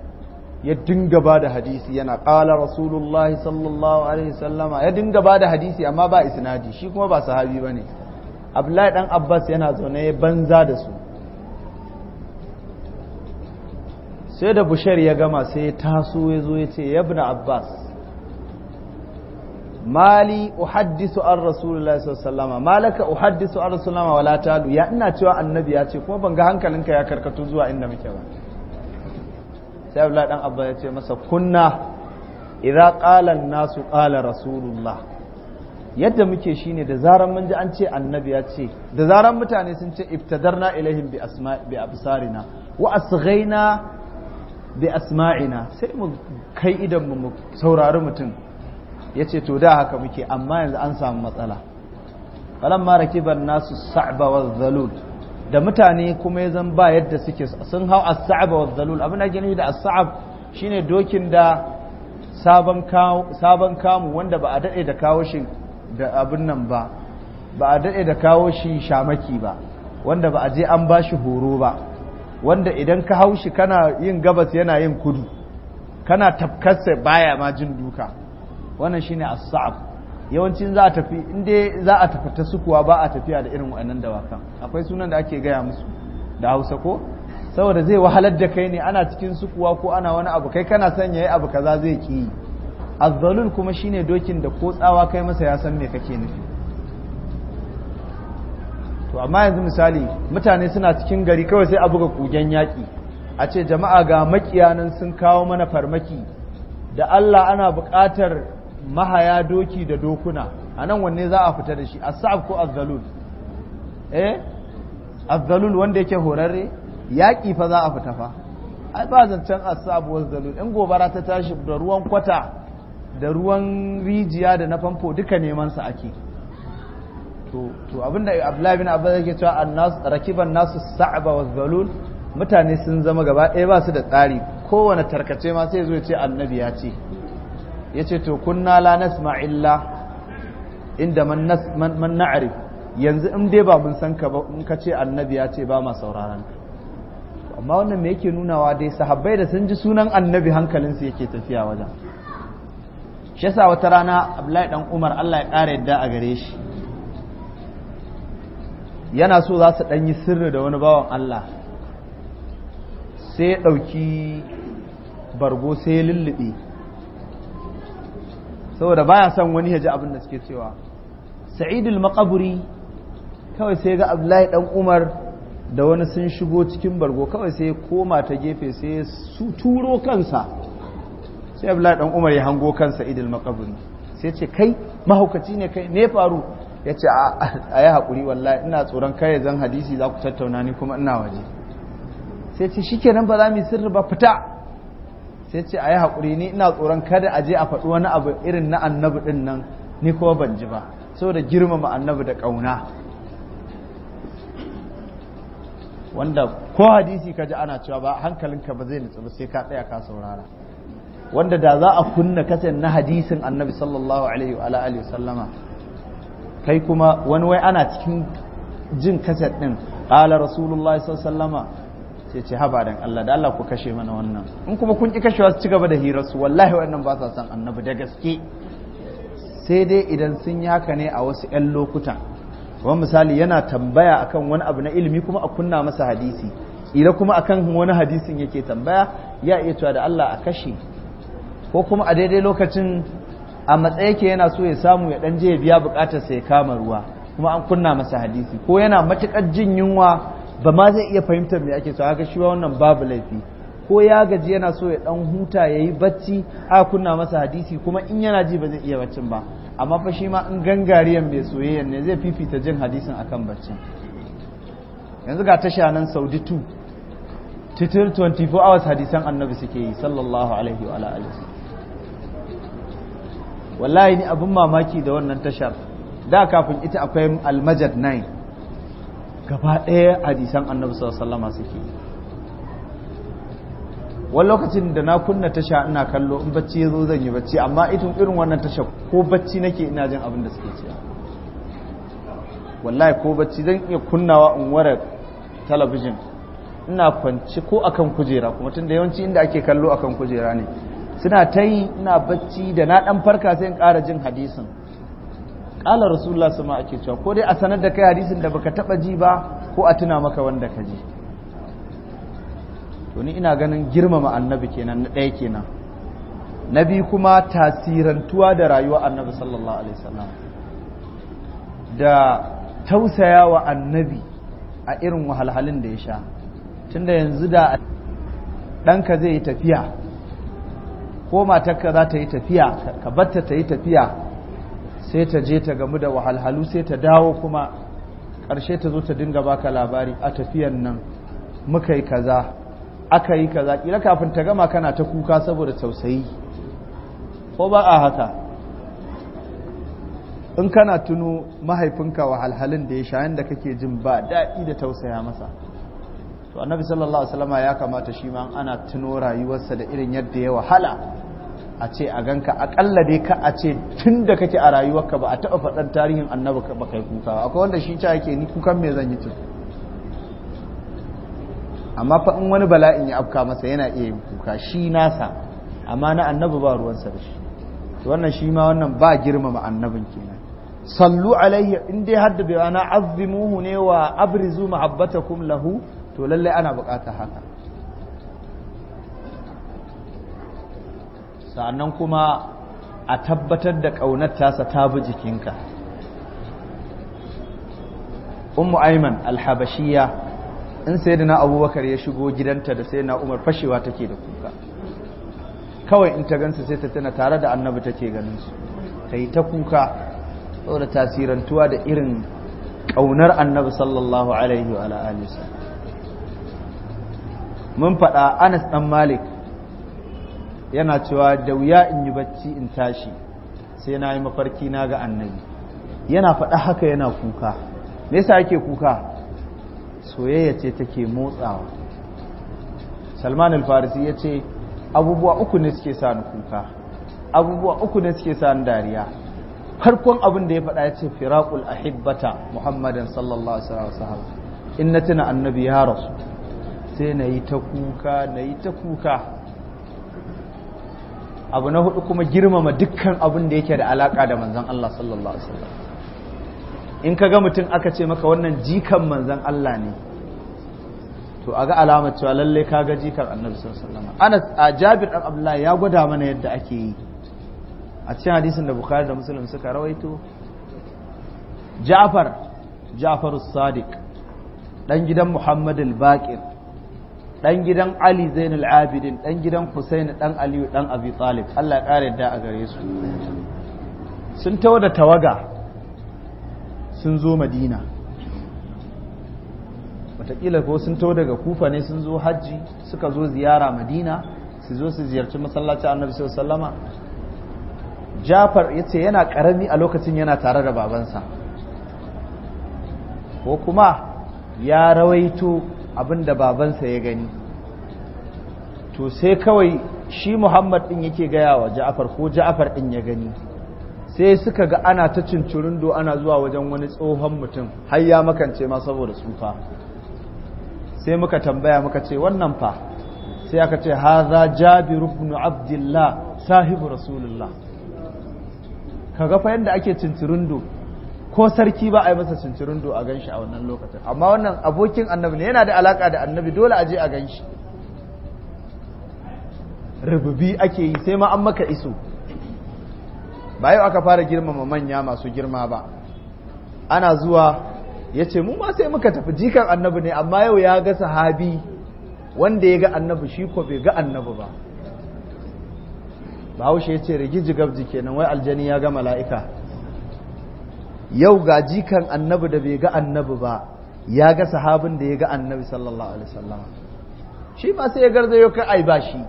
ya dinga ba da hadisi yana ƙala rasulullah sallallahu alaihi sallama ya dinga ba da hadisi amma ba isnadi shi kuma ba sahabi ba ne abdullahi dan abbas yana zaune ya banza da su sai da bushari ya gama sai ya taso ya zo ya ce yabna abbas mali uhaddisu an rasulullah sallama malaka uhaddisu an rasulullah wala talu ya ina cewa annabi ya ce kuma ban ga hankalinka ya karkatu zuwa inda muke ba sai abdullahi dan abba ya ce masa kunna idza qala nasu qala rasulullah yadda muke shine da zaran mun an ce annabi ya ce da zarar mutane sun ce iftadarna ilaihim bi asma bi absarina wa asghaina bi asma'ina sai mu kai idan mu saurari mutum yace to da haka muke amma yanzu an samu matsala falamma rakiban nasu sa'ba wa zalul da mutane kuma ya zan ba yadda suke sun hau as-sa'ab wa abin da gani da as-sa'ab shine dokin da sabon kamu wanda ba a dade da kawo shi da abin nan ba ba a dade da kawo shi shamaki ba wanda ba a je an ba shi horo ba wanda idan ka hau shi kana yin gabas yana yin kudu kana tafkarsa baya ma jin duka wannan shine as-sa'ab yawancin za a tafi inda za a tafi ta sukuwa ba a tafiya da irin waɗannan dawakan akwai sunan da ake gaya musu da hausa ko saboda zai wahalar da kai ne ana cikin sukuwa ko ana wani abu kai kana son yayi abu kaza zai ki yi azzalul kuma shine dokin da ko tsawa kai masa ya san me kake nufi to amma yanzu misali mutane suna cikin gari kawai sai a buga kugen yaki a ce jama'a ga makiyanan sun kawo mana farmaki da Allah ana buƙatar mahaya doki da dokuna a nan wanne za a fita da shi a sa'af ko azzalul eh azzalul wanda yake horarre yaƙi fa za a fita fa ai ba zancen asab wa azzalul in gobara ta tashi da ruwan kwata da ruwan rijiya da na famfo duka neman sa ake to to abinda Abdullahi bin Abbas yake cewa annas rakiban nasu sa'aba wa mutane sun zama gaba ɗaya ba su da tsari kowane tarkace ma sai zo ya ce annabi ya ce ya ce to kunna la nasma illa inda man na'ari yanzu in dai ba mun san ka ba in ka ce annabi ya ce ba ma sauraron amma wannan me yake nunawa dai sahabbai da sun ji sunan annabi hankalinsu yake tafiya wajen shi yasa wata rana Abdullahi dan Umar Allah ya kare yadda a gare shi yana so za su dan yi sirri da wani bawan Allah sai ya ɗauki bargo sai ya lulluɓe. saboda baya son wani ya ji abin da suke cewa sa'idul maqaburi kawai sai ga abdullahi dan umar da wani sun shigo cikin bargo kawai sai koma ta gefe sai su turo kansa sai abdullahi dan umar ya hango kansa sa'idul maqaburi sai ce kai mahaukaci ne kai ne faru ya ce a yi haƙuri wallahi ina tsoron kare zan hadisi za ku tattauna ni kuma ina waje sai ce shi kenan ba za mu sirri ba fita sai ce a yi haƙuri ni ina tsoron kada a je a faɗi wani abu irin na annabi ɗin nan ni kuma ban ji ba saboda girmama annabi da ƙauna wanda ko hadisi ka ji ana cewa ba hankalinka ba zai nutsu ba sai ka tsaya ka saurara wanda da za a kunna kasa na hadisin annabi sallallahu alaihi wa alihi sallama kai kuma wani wai ana cikin jin kaset ɗin qala rasulullahi sallallahu alaihi sai ce haba dan Allah da Allah ku kashe mana wannan in kuma kun ki kashewa su cigaba da hirar su wallahi wannan ba sa san annabi da gaske sai dai idan sun yi haka ne a wasu ƴan lokutan kuma misali yana tambaya akan wani abu na ilimi kuma a kunna masa hadisi idan kuma akan wani hadisin yake tambaya ya iya cewa da Allah a kashe ko kuma a daidai lokacin a matsayi ke yana so ya samu ya dan je ya biya bukatar sa ya kama ruwa kuma an kunna masa hadisi ko yana matukar jin yunwa ba ma zai iya fahimtar me ake so haka shi wa wannan babu laifi ko ya gaji yana so ya dan huta ya yi bacci a kunna masa hadisi kuma in yana ji ba zai iya baccin ba amma fa shi ma in gangariyan mai soyayya ne zai fifita jin hadisin akan baccin yanzu ga tasha nan Saudi 2 titir 24 hours hadisan annabi suke yi sallallahu alaihi wa alihi wallahi ni abun mamaki da wannan tashar da kafin ita akwai almajad 9 gaba ɗaya hadisan annabi sallama suke wani lokacin da na kunna tasha ina kallo in bacci ya zo zan yi bacci amma itin irin wannan tasha ko bacci nake ina jin abin da suke cewa wallahi ko bacci zan iya kunnawa in ware talabijin ina kwanci ko akan kujera kuma tun da yawanci inda ake kallo akan kujera ne suna ta yi ina bacci da na ɗan farka sai in ƙara jin hadisin qala rasulullah sama ake cewa ko dai a sanar da kai hadisin da baka taba ji ba ko a tuna maka wanda ka ji to ni ina ganin girmama annabi kenan na ɗaya kenan nabi kuma tasirantuwa da rayuwa annabi sallallahu alaihi wasallam da tausaya wa annabi a irin wahalhalin da ya sha tunda yanzu da ɗanka zai yi tafiya ko matarka za ta yi tafiya ka batta ta yi tafiya sai ta je ta gamu da wahalhalu sai ta dawo kuma ƙarshe ta zo ta dinga baka labari a tafiyan nan muka yi kaza aka yi kaza ƙila kafin ta gama kana ta kuka saboda tausayi ko ba a haka in kana tuno mahaifinka wahalhalun da ya sha da kake jin ba daɗi da tausaya masa to annabi sallallahu alaihi ya kamata shi ma ana tuno rayuwarsa da irin yadda ya wahala a ce a ganka akalla dai ka a ce tun da kake a rayuwarka ba a taɓa faɗan tarihin annabi ba kai kuka ba akwai wanda shi ta yake ni kukan me zan yi tun amma fa in wani bala'in ya afka masa yana iya yin kuka shi nasa amma na annabi ba ruwansa da shi wannan shi ma wannan ba girmama annabin kenan sallu alaihi in dai hadda bai ana azzimuhu ne wa abrizu mahabbatakum lahu to lallai ana bukata haka sannan kuma a tabbatar da ƙaunar tasa ta bi jikinka ummu aiman alhabashiya in sai da na abubakar ya shigo gidanta da sai na umar fashewa take da kuka kawai in ta gansu sai ta tana tare da annabi take ganin su ta yi ta kuka saboda tasirantuwa da irin ƙaunar annabi sallallahu alaihi wa alihi mun faɗa anas ɗan malik yana cewa da wuya in yi bacci in tashi sai na yi mafarki na ga annabi yana faɗa haka yana kuka me yasa yake kuka soyayya ce take motsawa salman al-farisi ya ce abubuwa uku ne suke sa ni kuka abubuwa uku ne suke sa ni dariya farkon abin da ya faɗa yace ce firaqul ahibbata muhammadan sallallahu alaihi wasallam in na tuna annabi ya rasu sai na yi ta kuka na yi ta kuka abu na hudu kuma girmama dukkan abin da yake da alaka da manzan Allah sallallahu alaihi wasallam in ka ga mutum aka ce maka wannan jikan manzan Allah ne to a ga alamar cewa lalle ka ga jikan annabi sallallahu alaihi wasallam a Jabir ɗan Abdullahi ya gwada mana yadda ake yi a cikin hadisin da Bukhari da musulun suka rawaito Ja'far Ja'far sadiq ɗan gidan muhammadul Baƙir. dan gidan Ali Zainul Abidin dan gidan Husaini dan Aliyu dan Abi Talib Allah kare da a gare su sun tawo da tawaga sun zo Madina watakila ko sun tawo daga Kufa ne sun zo hajji suka zo ziyara Madina su zo su ziyarci masallacin Annabi sallama Jafar yace yana karami a lokacin yana tare da babansa ko kuma ya rawaito Abin da babansa ya gani to sai kawai shi muhammad ɗin yake gaya wa ja'afar ko ja'afar ɗin ya gani sai suka ga ana ta cincirindo ana zuwa wajen wani tsohon mutum har ya makance ma saboda tsufa sai muka tambaya muka ce wannan fa sai aka ce haza jabir ibn abdullah sahibu rasulullah kaga fa yanda ake cincirindo ko sarki ba a yi masa cincirindo a ganshi a wannan lokacin amma wannan abokin annabi ne yana da alaka da annabi dole a je a ganshi rububi ake yi sai ma an maka iso ba yau aka fara girmama manya masu girma ba ana zuwa ya ce mu ma sai muka tafi jikan annabi ne amma yau ya ga sahabi wanda ya ga annabi shi ko bai ga annabi ba bahaushe ya ce jigab gabji kenan wai aljani ya ga mala'ika yau ga jikan annabi da bai ga annabi ba ya ga sahabin da ya ga annabi sallallahu alaihi wasallam shi ma sai ya yau kai ai ba shi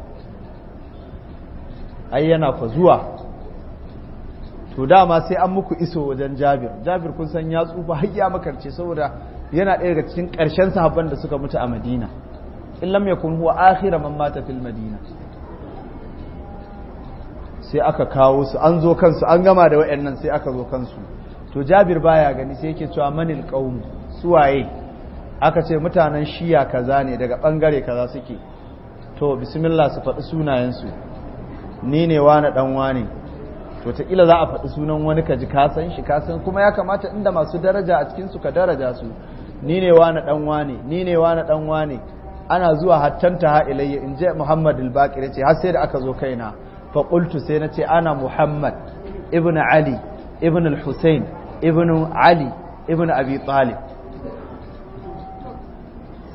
ai yana fa zuwa to dama sai an muku iso wajen Jabir Jabir kun san ya tsufa har ya makarce saboda yana ɗaya daga cikin ƙarshen sahabban da suka mutu a Madina in lam yakun huwa akhira man mata fil Madina sai aka kawo su an zo kansu an gama da wayannan sai aka zo kansu to jabir baya gani sai yake cewa manil qaum suwaye aka ce mutanen shiya kaza ne daga bangare kaza suke to bismillah su faɗi sunayensu ni ne wani dan wani to ta ila za a faɗi sunan wani kaji ka san shi ka san kuma ya kamata inda masu daraja a cikin su ka daraja su ni ne wani dan wani ni ne wani dan wani ana zuwa hattanta ha ilayya in je Muhammad al-Baqir yace har sai da aka zo kaina fa qultu sai na ce ana Muhammad ibn Ali ibn al-Husayn ibn ali ibn abi talib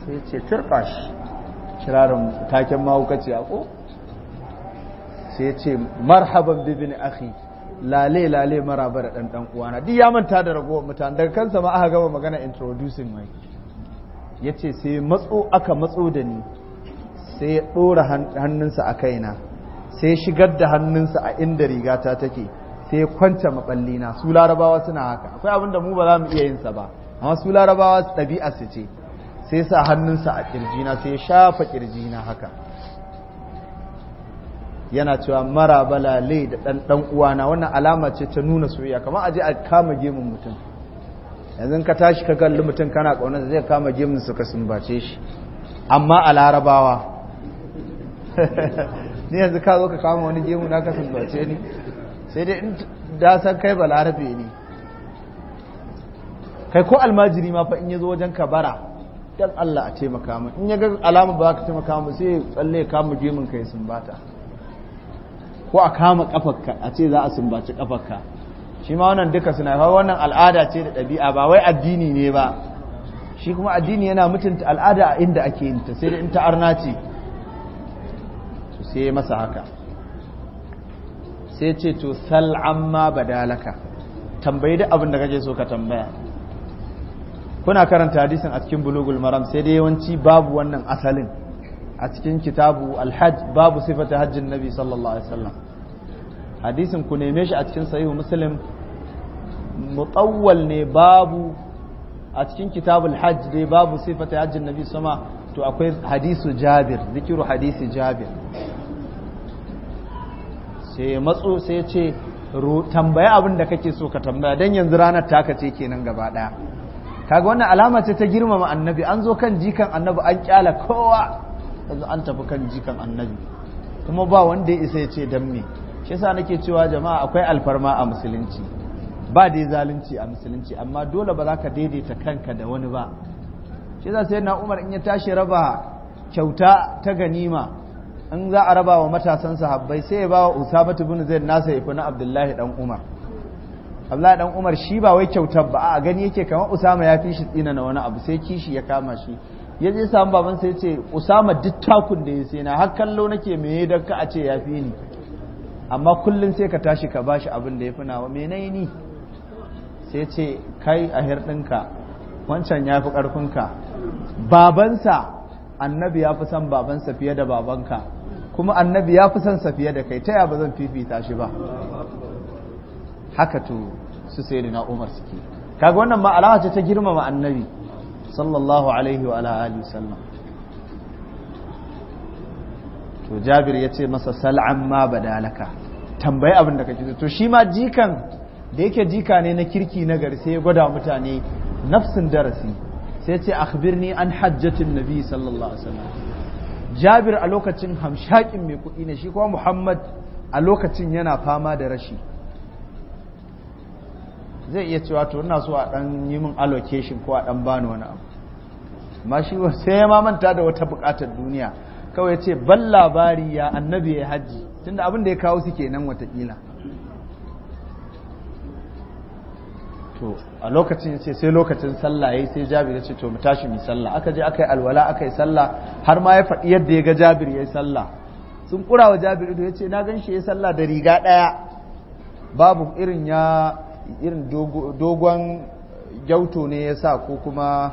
sai ce turka kirarin taken mahaukaci a ko sai ce marhaban bibin akhi lale lale maraba da dan dan uwana duk ya manta da ragowar mutane daga kansa ma aka gama magana introducing mai yace sai matso aka matso da ni sai ya dora hannunsa a kaina sai shigar da hannunsa a inda rigata take sai kwanta maballi na su larabawa suna haka akwai abin da mu ba za mu iya yin sa ba amma su larabawa ɗabi'a su ce sai sa hannunsa a kirjina sai ya shafa ƙirjina haka yana cewa mara balale da ɗan ɗan uwana wannan alama ce ta nuna soyayya kamar aje a kama gemun mutum yanzu ka tashi ka kalli mutum kana ƙaunar zai kama gemun su ka sumbace shi amma a larabawa ni yanzu ka zo ka kama wani gemu na ka sumbace ni sai dai in da san kai balarabe ne kai ko almajiri ma fa in yazo wajen ka bara dan Allah a taimaka mu in ya ga alama ba ka taimaka mu sai tsalle ka mu mun kai sumbata ko a kama kafarka a ce za a sumbaci kafarka shi ma wannan duka suna fa wannan al'ada ce da dabi'a ba wai addini ne ba shi kuma addini yana mutunta al'ada a inda ake yin ta sai dai in ta arna ce sai masa haka sai ce to sal amma badalaka tambayi da abin da kake so ka tambaya kuna karanta hadisin a cikin bulugul maram sai dai yawanci babu wannan asalin a cikin kitabu alhaj babu sifata hajjin nabi sallallahu alaihi wasallam hadisin ku neme shi a cikin sahihu muslim mutawwal ne babu a cikin kitabu hajj dai babu sifata hajjin nabi sama to akwai hadisu jabir zikiru hadisi jabir sai ya matso sai ya ce tambaya abin da kake so ka tambaya don yanzu ranar taka ce kenan gaba ɗaya kaga wannan alama ce ta girmama annabi an zo kan jikan annabi an kyala kowa yanzu an tafi kan jikan annabi kuma ba wanda isa ya ce dan me shi sa nake cewa jama'a akwai alfarma a musulunci ba dai zalunci a musulunci amma dole ba za ka daidaita kanka da wani ba shi sa sai na umar in ya tashi raba kyauta ta ganima in za a raba wa matasan sahabbai sai ya ba wa usama bin zaid nasa ifi na abdullahi dan umar abdullahi dan umar shi ba wai kyautar ba a gani yake kamar usama ya fi shi tsina na wani abu sai kishi ya kama shi ya je samu baban sai ce usama duk da ya sai na har kallo nake me dan ka a ce ya fi ni amma kullum sai ka tashi ka bashi abin da ya fi nawa me ni sai ce kai a hirɗinka wancan ya fi ƙarfinka babansa annabi ya fi son babansa fiye da babanka kuma annabi ya fi son sa fiye da kai ta yaba zan fifita shi ba haka to su sai na umar suke kaga wannan ma alaha ce ta girmama annabi sallallahu alaihi wa alihi sallam to jabir ya ce masa sal'an ma badalaka tambayi abin da kake to shi ma jikan da yake jika ne na kirki na gari sai ya gwada mutane nafsin darasi sai ce akhbirni an hajjatin nabi sallallahu alaihi wa sallam. jabir a lokacin hamshakin mai kuɗi ne shi kuma muhammad a lokacin yana fama da rashi zai iya cewa to ina so a dan yi min allocation ko a ɗan bani wani abu amma shi sai ya mamanta da wata buƙatar duniya kawai ya ce ban labari ya annabi ya hajji tunda abin da ya kawo su kenan watakila to a lokacin ce sai lokacin sallah yayi sai Jabir ya ce to mu tashi mu sallah aka je aka yi alwala aka yi salla har ma ya faɗi yadda ya ga Jabir yayi sallah sun kura wa Jabir ido yace na gan shi yayi salla da riga ɗaya babu irin ya irin dogon gyauto ne ya sa ko kuma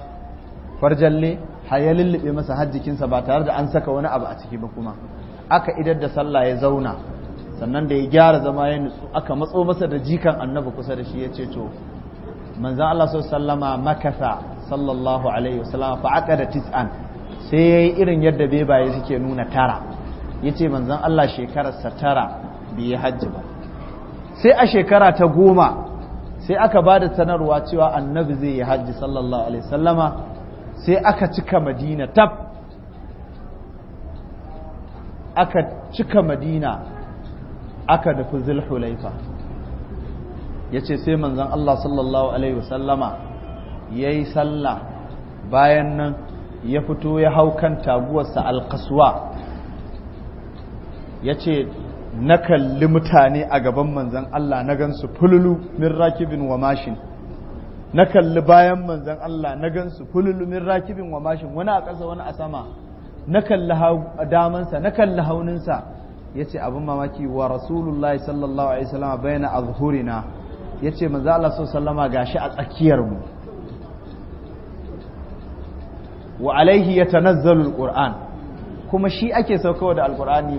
farjalle ne ya lullube masa hajjikinsa ba tare da an saka wani abu a ciki ba kuma aka idar da sallah ya zauna sannan da ya gyara zama ya nutsu aka matso masa da jikan annabi kusa da shi ya ce to manzan Allah su sallama makasa sallallahu alaihi wasallama fa'aka da tis'an sai ya yi irin yadda bebaye suke nuna tara ya ce manzan Allah shekararsa tara bai yi hajji ba sai a shekara ta goma sai aka ba da sanarwa cewa annabi zai yi hajji sallallahu alaihi wasallama sai aka cika madina tab aka cika madina aka dafi zulhulaifa ya ce sai manzan Allah sallallahu Alaihi wasallama ya yi sallah bayan nan ya fito ya hau kan taguwarsa alkasuwa ya ce na kalli mutane a gaban manzan Allah na gansu fululu min rakibin wa mashin na kalli bayan manzan Allah na gansu fululu min rakibin wa mashin wani a ƙasa wani a sama na kalli damansa na kalli hauninsa ya ce abin mamaki wa rasulullahi sallallahu alaihi wasallama bayan azhurina ya ce maza Allah sun sallama gashi a tsakiyarmu wa alaihi ya tanazzalu alquran kuma shi ake saukawa da alqurani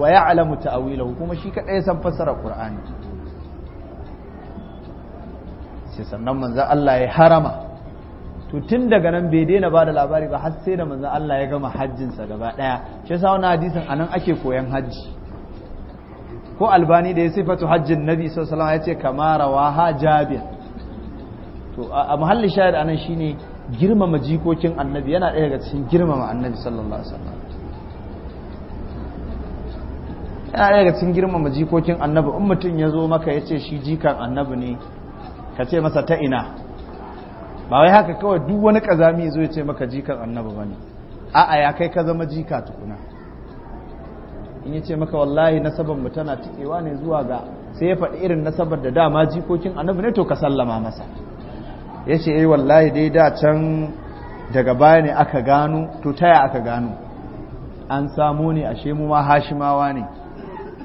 wa ya alamu ta’awila kuma shi kadai san fasara qur'ani sai sannan manza Allah ya harama to tun daga nan bai daina ba da labari ba har sai da manza Allah ya gama hajjinsa gaba ɗaya shi yasa wannan hadisin anan ake koyan hajji ko albani da ya sifatu hajjin nabi sallallahu alaihi wasallam yace kama rawaha jabir to a muhalli shahid anan shine girmama jikokin annabi yana ɗaya daga cikin girmama annabi sallallahu alaihi wasallam yana ɗaya daga cikin girmama jikokin annabi in mutum ya zo maka yace shi jikan annabi ne ka ce masa ta ina ba wai haka kawai duk wani kazami ya zo ya ce maka jikan annabi bane a'a ya kai ka zama jika tukuna in ya ce maka wallahi nasabar mu tana tikewa ne zuwa ga sai ya faɗi irin nasabar da dama jikokin annabi ne to ka sallama masa ya ce eh wallahi dai da can daga baya ne aka gano to taya aka gano an samu ne ashe mu ma hashimawa ne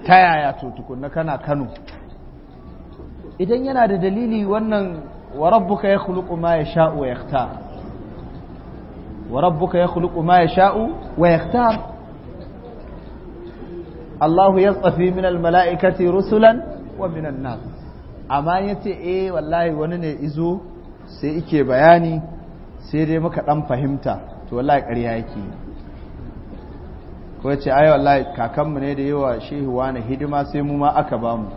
ta yaya to tukunna kana Kano idan yana da dalili wannan wa rabbuka yakhluqu ma yasha'u wa yakhtar wa rabbuka yakhluqu ma yasha'u wa yakhtar Allahu ya tsafi min mala'ikati rusulan wa minan nas amma ya ce eh wallahi wani ne izo sai ike bayani sai dai muka dan fahimta to wallahi ƙarya yake ko ce ai kakanmu ne da yawa shehu wani hidima sai mu ma aka ba mu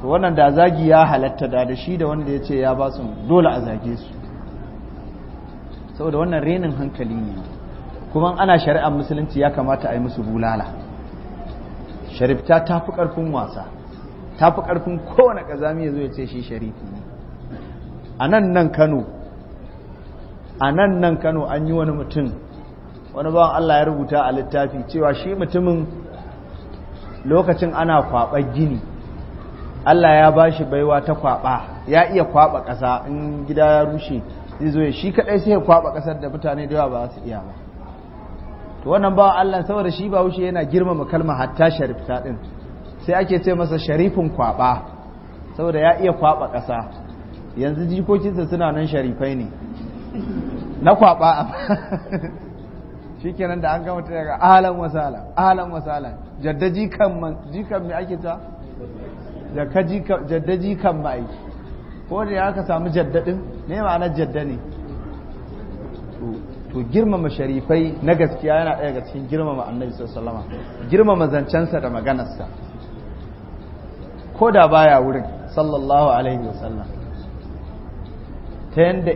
to wannan da zagi ya halatta da da shi da wanda ya ce ya ba su dole a zage su saboda wannan renin hankali ne kuma ana shari'ar musulunci ya kamata a yi musu bulala sharifta ta fi ƙarfin wasa ta fi ƙarfin kowane ƙazami ya zo ya ce shi sharifi ne a nan nan kano a nan nan kano an yi wani mutum wani bawan allah ya rubuta a littafi cewa shi mutumin lokacin ana kwaɓar gini allah ya ba shi baiwa ta kwaɓa ya iya kwaɓa ƙasa in gida ya rushe zai zo ya shi kaɗai sai ya kwaɓa ƙasar da mutane da yawa ba su iya ba to wannan bawa Allah saboda shi ba wuce yana girmama kalma hatta ta din sai ake ce masa sharifin kwaba saboda ya iya kwaba ƙasa yanzu jikokinsa suna nan sharifai ne na kwaba shikenan da an gama daga alan wasala alan wasala jadda jikan man jikan me ake ta jadda jikan mai ko da ya ka samu jaddadin ne ma'anar jadda ne to girmama sharifai na gaskiya yana ɗaya ga cikin girmama annabi sallama girmama zancensa da maganarsa ko da baya wurin sallallahu alaihi wasallam ta yadda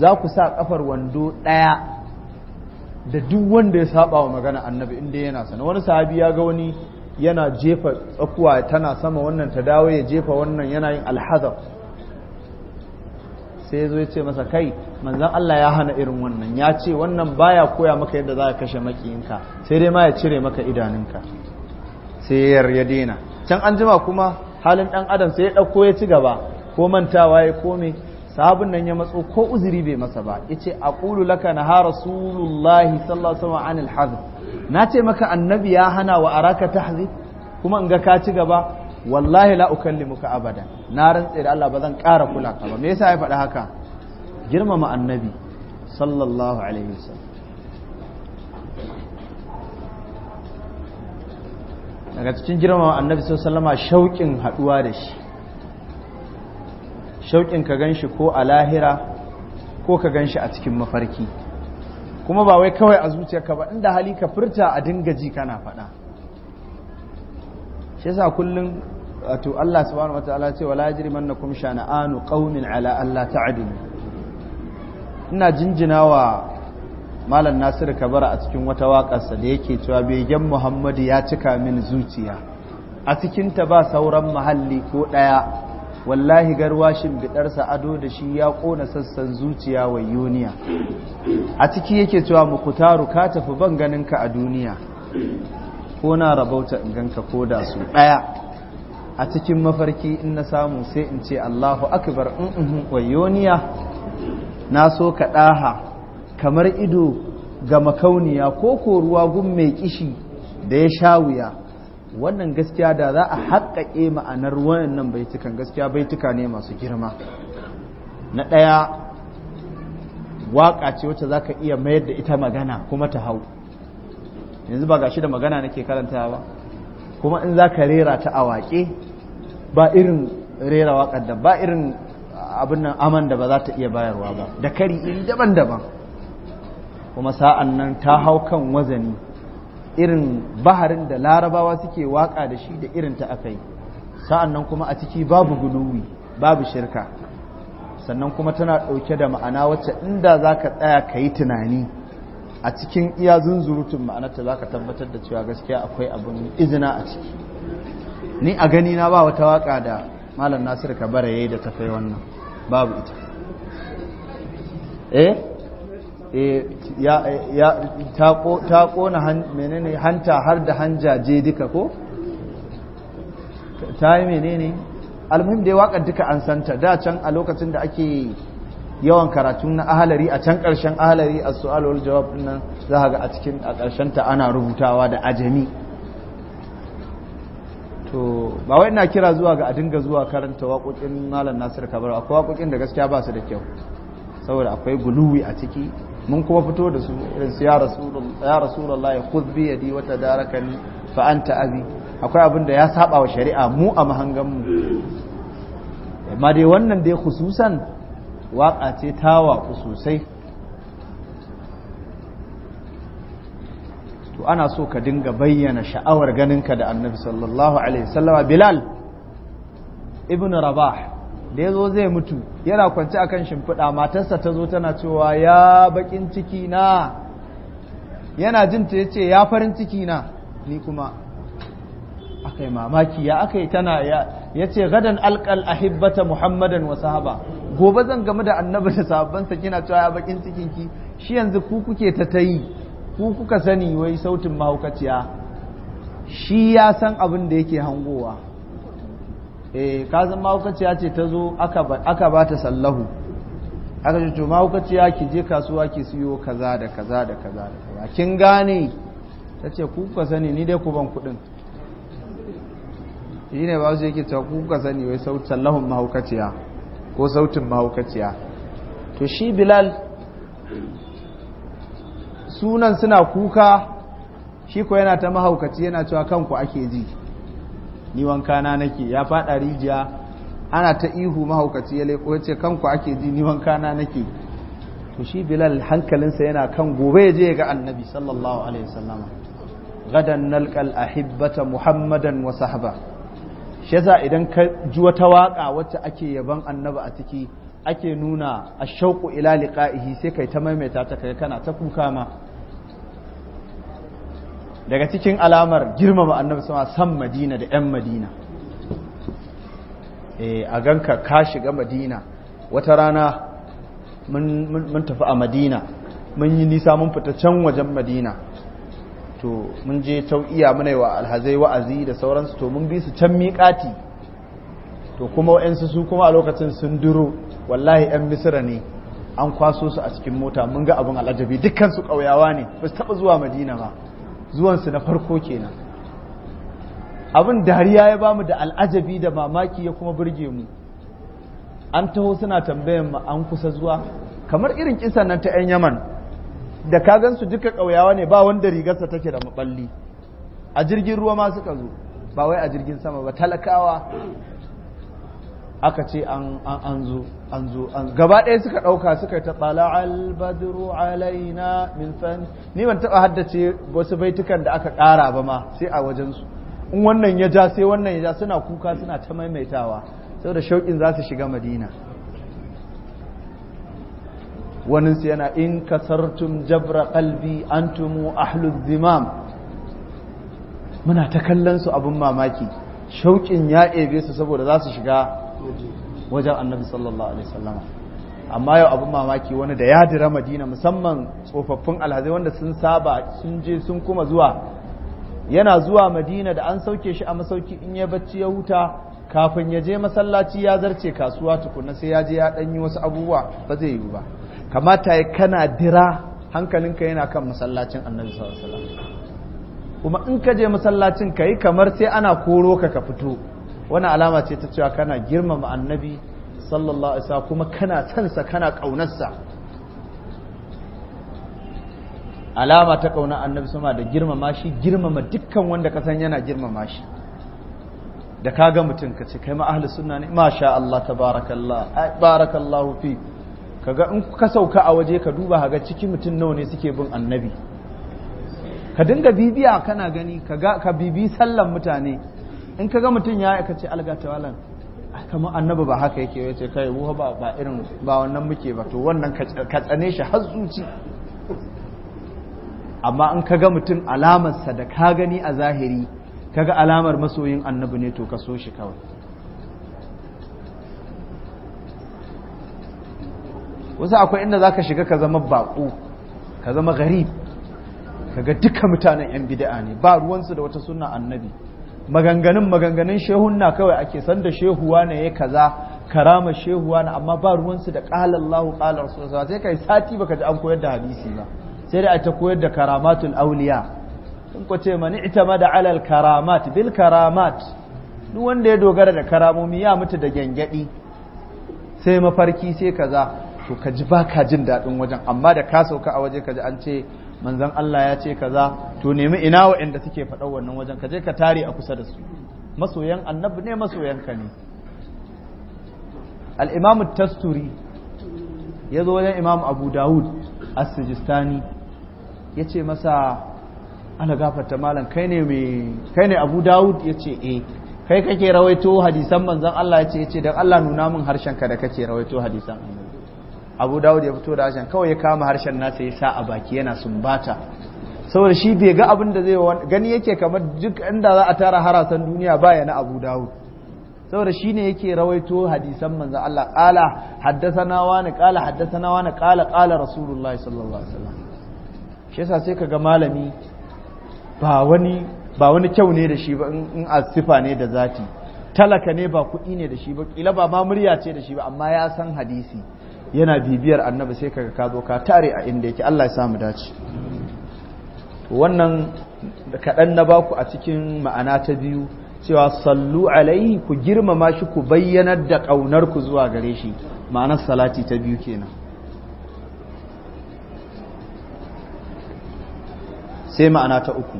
za ku sa kafar wando ɗaya da duk wanda ya saba wa magana annabi inda yana sana wani sahabi ya ga wani yana jefa tsakuwa tana sama wannan ta dawo ya jefa wannan yana yin alhazar sai ya zo ya ce masa kai manzan Allah ya hana irin wannan ya ce wannan baya koya maka yadda za a kashe makiyinka sai dai ma ya cire maka idaninka. sai ya yarya daina can an jima kuma halin ɗan adam sai ya ɗauko ya ci gaba ko mantawa ya kome sahabin nan ya matso ko uzuri bai masa ba ya ce a ƙulu laka na ha rasulullahi sallallahu alaihi wasallam na ce maka annabi ya hana wa araka tahzib kuma in ga ka ci gaba wallahi la ukallimuka abada na rantse da Allah ba zan ƙara kula ka ba me yasa ya faɗa haka girmama annabi sallallahu alaihi wasallam daga cikin girmama annabi sallallahu alaihi wasallam shauƙin haɗuwa da shi shauƙin ka ganshi ko a lahira ko ka ganshi a cikin mafarki kuma ba wai kawai a zuciyarka ba inda hali ka furta a dinga ji kana faɗa shi yasa kullum wato Allah subhanahu wataala ce wala yajrimannakum shana'anu qaumin ala alla ta'dilu ina jinjinawa malam Nasir Kabara a cikin wata waƙarsa da yake cewa begen Muhammadu ya cika min zuciya a cikin ta ba sauran mahalli ko daya wallahi garwashin sa ado da shi ya kona sassan zuciya wa yuniya a ciki yake cewa mukutaru ka tafi ban ganinka a duniya ko na rabauta in ganka ko da su daya a cikin mafarki in na samu sai in ce Allahu akbar in mm, in mm, mm, wayoniya na so ka ɗaha kamar ido ga makauniya ko koruwa gun mai kishi da ya sha wuya wannan gaskiya da za a haƙaƙe ma'anar wannan baitukan gaskiya baituka ne masu girma na ɗaya waƙa ce wacce za ka iya mayar da ita magana kuma ta hau yanzu ba gashi da magana nake karanta ba kuma in za ka rera ta a waƙe ba irin rera waƙar da ba irin abin nan aman da ba za ta iya bayarwa ba da kari iri daban-daban kuma sa'an nan ta hau kan wazani irin baharin da larabawa suke waƙa da shi da irin ta aka yi sa'an nan kuma a ciki babu guluwi babu shirka sannan kuma tana ɗauke da ma'ana wacce inda za ka tsaya ka yi tunani a cikin iya zunzurutun ma'anarta za ka tabbatar da cewa gaskiya akwai abin izina a ciki ni a gani na ba wata waka da malam nasir ka bara yayi da fai wannan babu ita eh, eh ta kona menene hanta har da hanjaje duka ko ta yi menene almuhim dai waka duka an santa da can a lokacin da ake yawan karatu na ahalari a can ƙarshen ahalari a su'al jawab nan za ga a cikin a ƙarshen ta ana rubutawa da ajami to ba wai ina kira zuwa ga a dinga zuwa karanta waƙoƙin malam Nasir Kabar akwai waƙoƙin da gaskiya ba su da kyau saboda akwai guluwi a ciki mun kuma fito da su irin su ya rasulullahi ya yadi daraka ne fa abi akwai abin da ya saba wa shari'a mu a mu amma dai wannan dai khususan waƙa ce ta waƙu sosai to ana so ka dinga bayyana sha'awar ganinka da annabi sallallahu alaihi sallama bilal ibn rabah da ya zai mutu yana kwanci akan shimfiɗa matarsa ta zo tana cewa ya baƙin ciki na yana jin ta ya ce ya farin ciki na ni kuma aka yi mamaki ya aka yi tana ya ce gadan alƙal ahibbata muhammadan wa sahaba gobe zan game da annabi da sahabbansa kina cewa ya bakin cikin ki shi yanzu ku kuke ta tayi ku kuka sani wai sautin mahaukaciya shi ya san abin da yake hangowa eh kazan mahaukaciya ce ta zo aka ba ta sallahu aka ce to mahaukaciya ki je kasuwa ki siyo kaza da kaza da kaza da kaza kin gane ta ce ku kuka sani ni dai ku ban kuɗin shi ne ba su yake cewa kuka sani wai sautin lahun mahaukaciya ko sautin mahaukaciya to shi bilal sunan suna kuka shi ko yana ta mahaukaci yana cewa kanku ake ji ni wanka na nake ya fada rijiya ana ta ihu mahaukaci ya leko ce kanku ake ji ni wanka na nake to shi bilal hankalinsa yana kan gobe ya je ga annabi sallallahu alaihi wasallama gadan nalqal ahibbata muhammadan wa sahba shi yasa idan ka ji wata waƙa wacce ake yaban annaba a ciki ake nuna a shauku ila liqa'ihi sai kai ta maimaita ta kai kana ta kuka ma daga cikin alamar girmama annabi sama san madina da yan madina eh a ganka ka shiga madina wata rana mun tafi a madina mun yi nisa mun fita can wajen madina to mun je tau'iya muna wa alhazai wa'azi da sauransu to mun bi su can miƙati to kuma wa'yansu su kuma a lokacin sun duro wallahi 'yan misira ne an kwaso su a cikin mota mun ga abin alajabi dukkansu ƙauyawa ne ba su taɓa zuwa madina ba zuwansu na farko kenan abin dariya ya bamu da al'ajabi da mamaki ya kuma burge mu an taho suna tambayan mu an kusa zuwa kamar irin kisan nan ta 'yan yaman da ka gan su duka ƙauyawa ne ba wanda rigarsa take da maballi a jirgin ruwa ma suka zo ba wai a jirgin sama ba talakawa aka ce an zo an zo an gaba ɗaya suka ɗauka suka ta tsala albadru alaina min fan ni ban taɓa haddace wasu baitukan da aka ƙara ba ma sai a wajensu in wannan ya ja sai wannan ya ja suna kuka suna ta maimaitawa saboda shauƙin za su shiga madina waninsu yana in kasartum jabra qalbi antumu ahlul zimam muna ta kallon su abin mamaki shauƙin ya ebe su saboda za su shiga wajen annabi sallallahu alaihi wasallam amma yau abin mamaki wani da ya dira madina musamman tsofaffin alhazai wanda sun saba sun je sun kuma zuwa yana zuwa madina da an sauke shi a masauki in ya bacci ya huta kafin ya je masallaci ya zarce kasuwa tukunna sai ya je ya ɗanyi wasu abubuwa ba zai yiwu ba kamata ya kana dira hankalinka yana kan masallacin annabi sallallahu alaihi kuma in ka je masallacin ka yi kamar sai ana koro ka ka fito wani alama ce ta cewa kana girmama annabi sallallahu alaihi wasallam kuma kana sansa kana kaunarsa alama ta kauna annabi sama da girmama shi girmama dukkan wanda ka san yana girmama shi da kaga mutum ka ce kai ma ahlus sunna ne masha Allah tabarakallah barakallahu fi kaga in ka sauka a waje ka duba haga cikin mutum nawa ne suke bin annabi ka dinga bibiya kana gani kaga ka bibi sallan mutane in kaga mutum ya ka ce alga tawalan kamar annabi ba haka yake yace kai mu ba ba irin ba wannan muke ba to wannan ka tsane shi har zuci amma in kaga mutum alamarsa da ka gani a zahiri kaga alamar masoyin annabi ne to ka so shi kawai wasu akwai inda za ka shiga ka zama baƙo ka zama garib kaga duka mutanen yan bida'a ne ba ruwansu da wata sunna annabi maganganun maganganun na kawai ake san da shehuwa ne ya kaza karama shehuwa na amma ba ruwansu da qala Allahu qala sai ka kai sati baka ji an koyar da hadisi ba sai da ta koyar da karamatul auliya in ko ce mani ma da alal karamat bil karamat duk wanda ya dogara da karamomi ya mutu da gyangyaɗi sai mafarki sai kaza to ka ji baka jin daɗin wajen amma da ka sauka a waje ka ji an ce manzon Allah ya ce kaza to nemi ina inda suke faɗa wannan wajen ka je ka tare a kusa da su masoyan annabi ne masoyan ka ne al-imam tasturi ya zo wajen imam abu dawud as-sijistani ya ce masa ana gafarta malam kai ne mai kai ne abu dawud ya ce eh kai kake rawaito hadisan manzon Allah ya ce ya ce dan Allah nuna min harshen ka da kake rawaito hadisan annabi abu dawud ya fito da harshen kawai ya kama harshen nasa ya sa a baki yana sumbata saboda shi bai ga abin da zai wani gani yake kamar duk inda za a tara harasan duniya baya na abu dawud saboda shi ne yake rawaito hadisan manzo Allah ƙala ni qala ƙala wa ni ƙala ƙala rasulullahi sallallahu alaihi wasallam shi yasa sai kaga malami ba wani ba wani kyau ne da shi ba in asifa ne da zati talaka ne ba kuɗi ne da shi ba kila ba ma murya ce da shi ba amma ya san hadisi yana bibiyar annabi sai kaga ka zo ka tare a inda yake Allah ya samu dace wannan kaɗan na baku a cikin ma'ana ta biyu cewa sallu alaihi ku girmama shi ku bayyanar da ƙaunar ku zuwa gare shi ma'anar salati ta biyu kenan sai ma'ana ta uku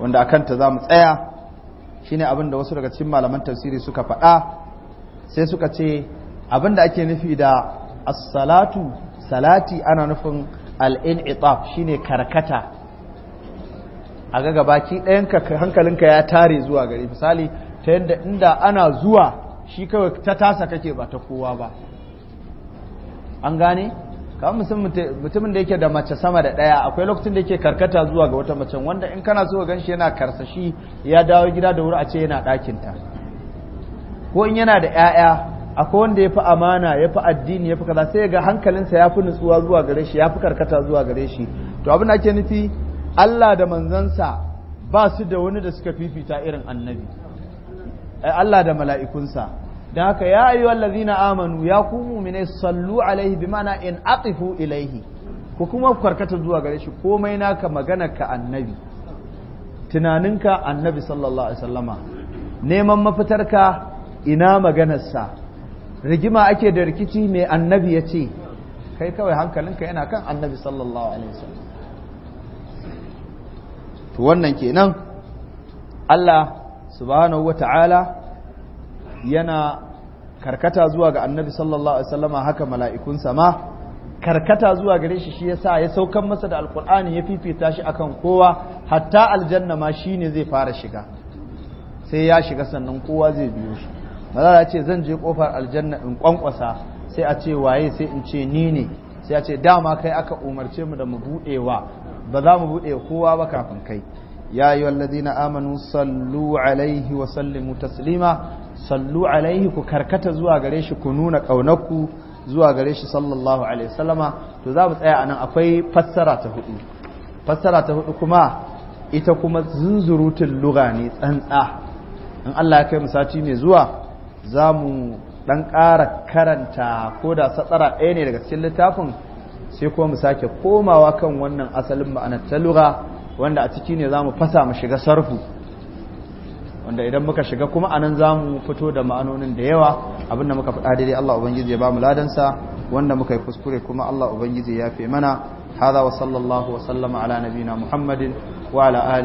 wanda a ta za mu tsaya shine abin da wasu daga cikin malaman tafsiri suka faɗa sai suka ce abin da ake nufi da as-salatu salati ana nufin al-in'itaf shine karkata a ga gabaki ɗayanka hankalinka ya tare zuwa gari misali ta yadda inda ana zuwa shi kawai ta tasa kake ba ta kowa ba an gane kamar mutumin da yake da mace sama da ɗaya akwai lokacin da yake karkata zuwa ga wata macen wanda in kana so gan shi yana karsashi ya dawo gida da wuri a ce yana ɗakinta ko in yana da 'ya'ya akwai wanda ya fi amana ya fi addini ya fi kaza sai ga hankalinsa ya fi nutsuwa zuwa gare shi ya fi karkata zuwa gare shi to abin da ake nufi Allah da manzansa ba su da wani da suka fifita irin annabi Allah da mala'ikunsa don haka ya ayyu allazina amanu ya ku mu'minai sallu alaihi bi ma'ana in aqifu ilaihi ku kuma karkata zuwa gare shi komai naka magana ka annabi tunaninka annabi sallallahu alaihi wasallama neman mafitarka ina maganarsa rigima ake da rikici mai annabi ya ce kai kawai hankalinka yana kan annabi sallallahu alaihi wasallam to wannan kenan Allah subhanahu wata'ala yana karkata zuwa ga annabi sallallahu alaihi wasallama haka mala'ikun sama. karkata zuwa gare shi shi yasa ya saukan masa da alkur'ani ya fifita shi akan kowa hatta aljanna ma ne zai fara shiga sai ya shiga sannan kowa zai biyo shi a ce zan je kofar aljanna in kwankwasa sai a ce waye sai in ce ni ne sai a ce dama kai aka umarce mu da mu budewa ba za mu bude kowa ba kafin kai ya ayyuha alladhina amanu sallu alaihi wa sallimu taslima sallu alaihi ku karkata zuwa gare shi ku nuna kaunarku zuwa gare shi sallallahu alaihi wasallama to za mu tsaya anan akwai fassara ta hudu fassara ta hudu kuma ita kuma zunzurutun lugha ne tsantsa in Allah ya kai mu sati mai zuwa za mu ɗan ƙara karanta ko da satsara ɗaya ne daga cikin littafin sai kuma mu sake komawa kan wannan asalin ma'anar ta lura wanda a ciki ne za mu fasa mu shiga sarfu wanda idan muka shiga kuma anan za mu fito da ma'anonin da yawa abinda muka faɗa daidai Allah Ubangiji ya ba mu sa wanda muka yi kuskure kuma Allah Ubangiji ya fi mana hada wa sallallahu wa sallama ala nabina Muhammadin wa ala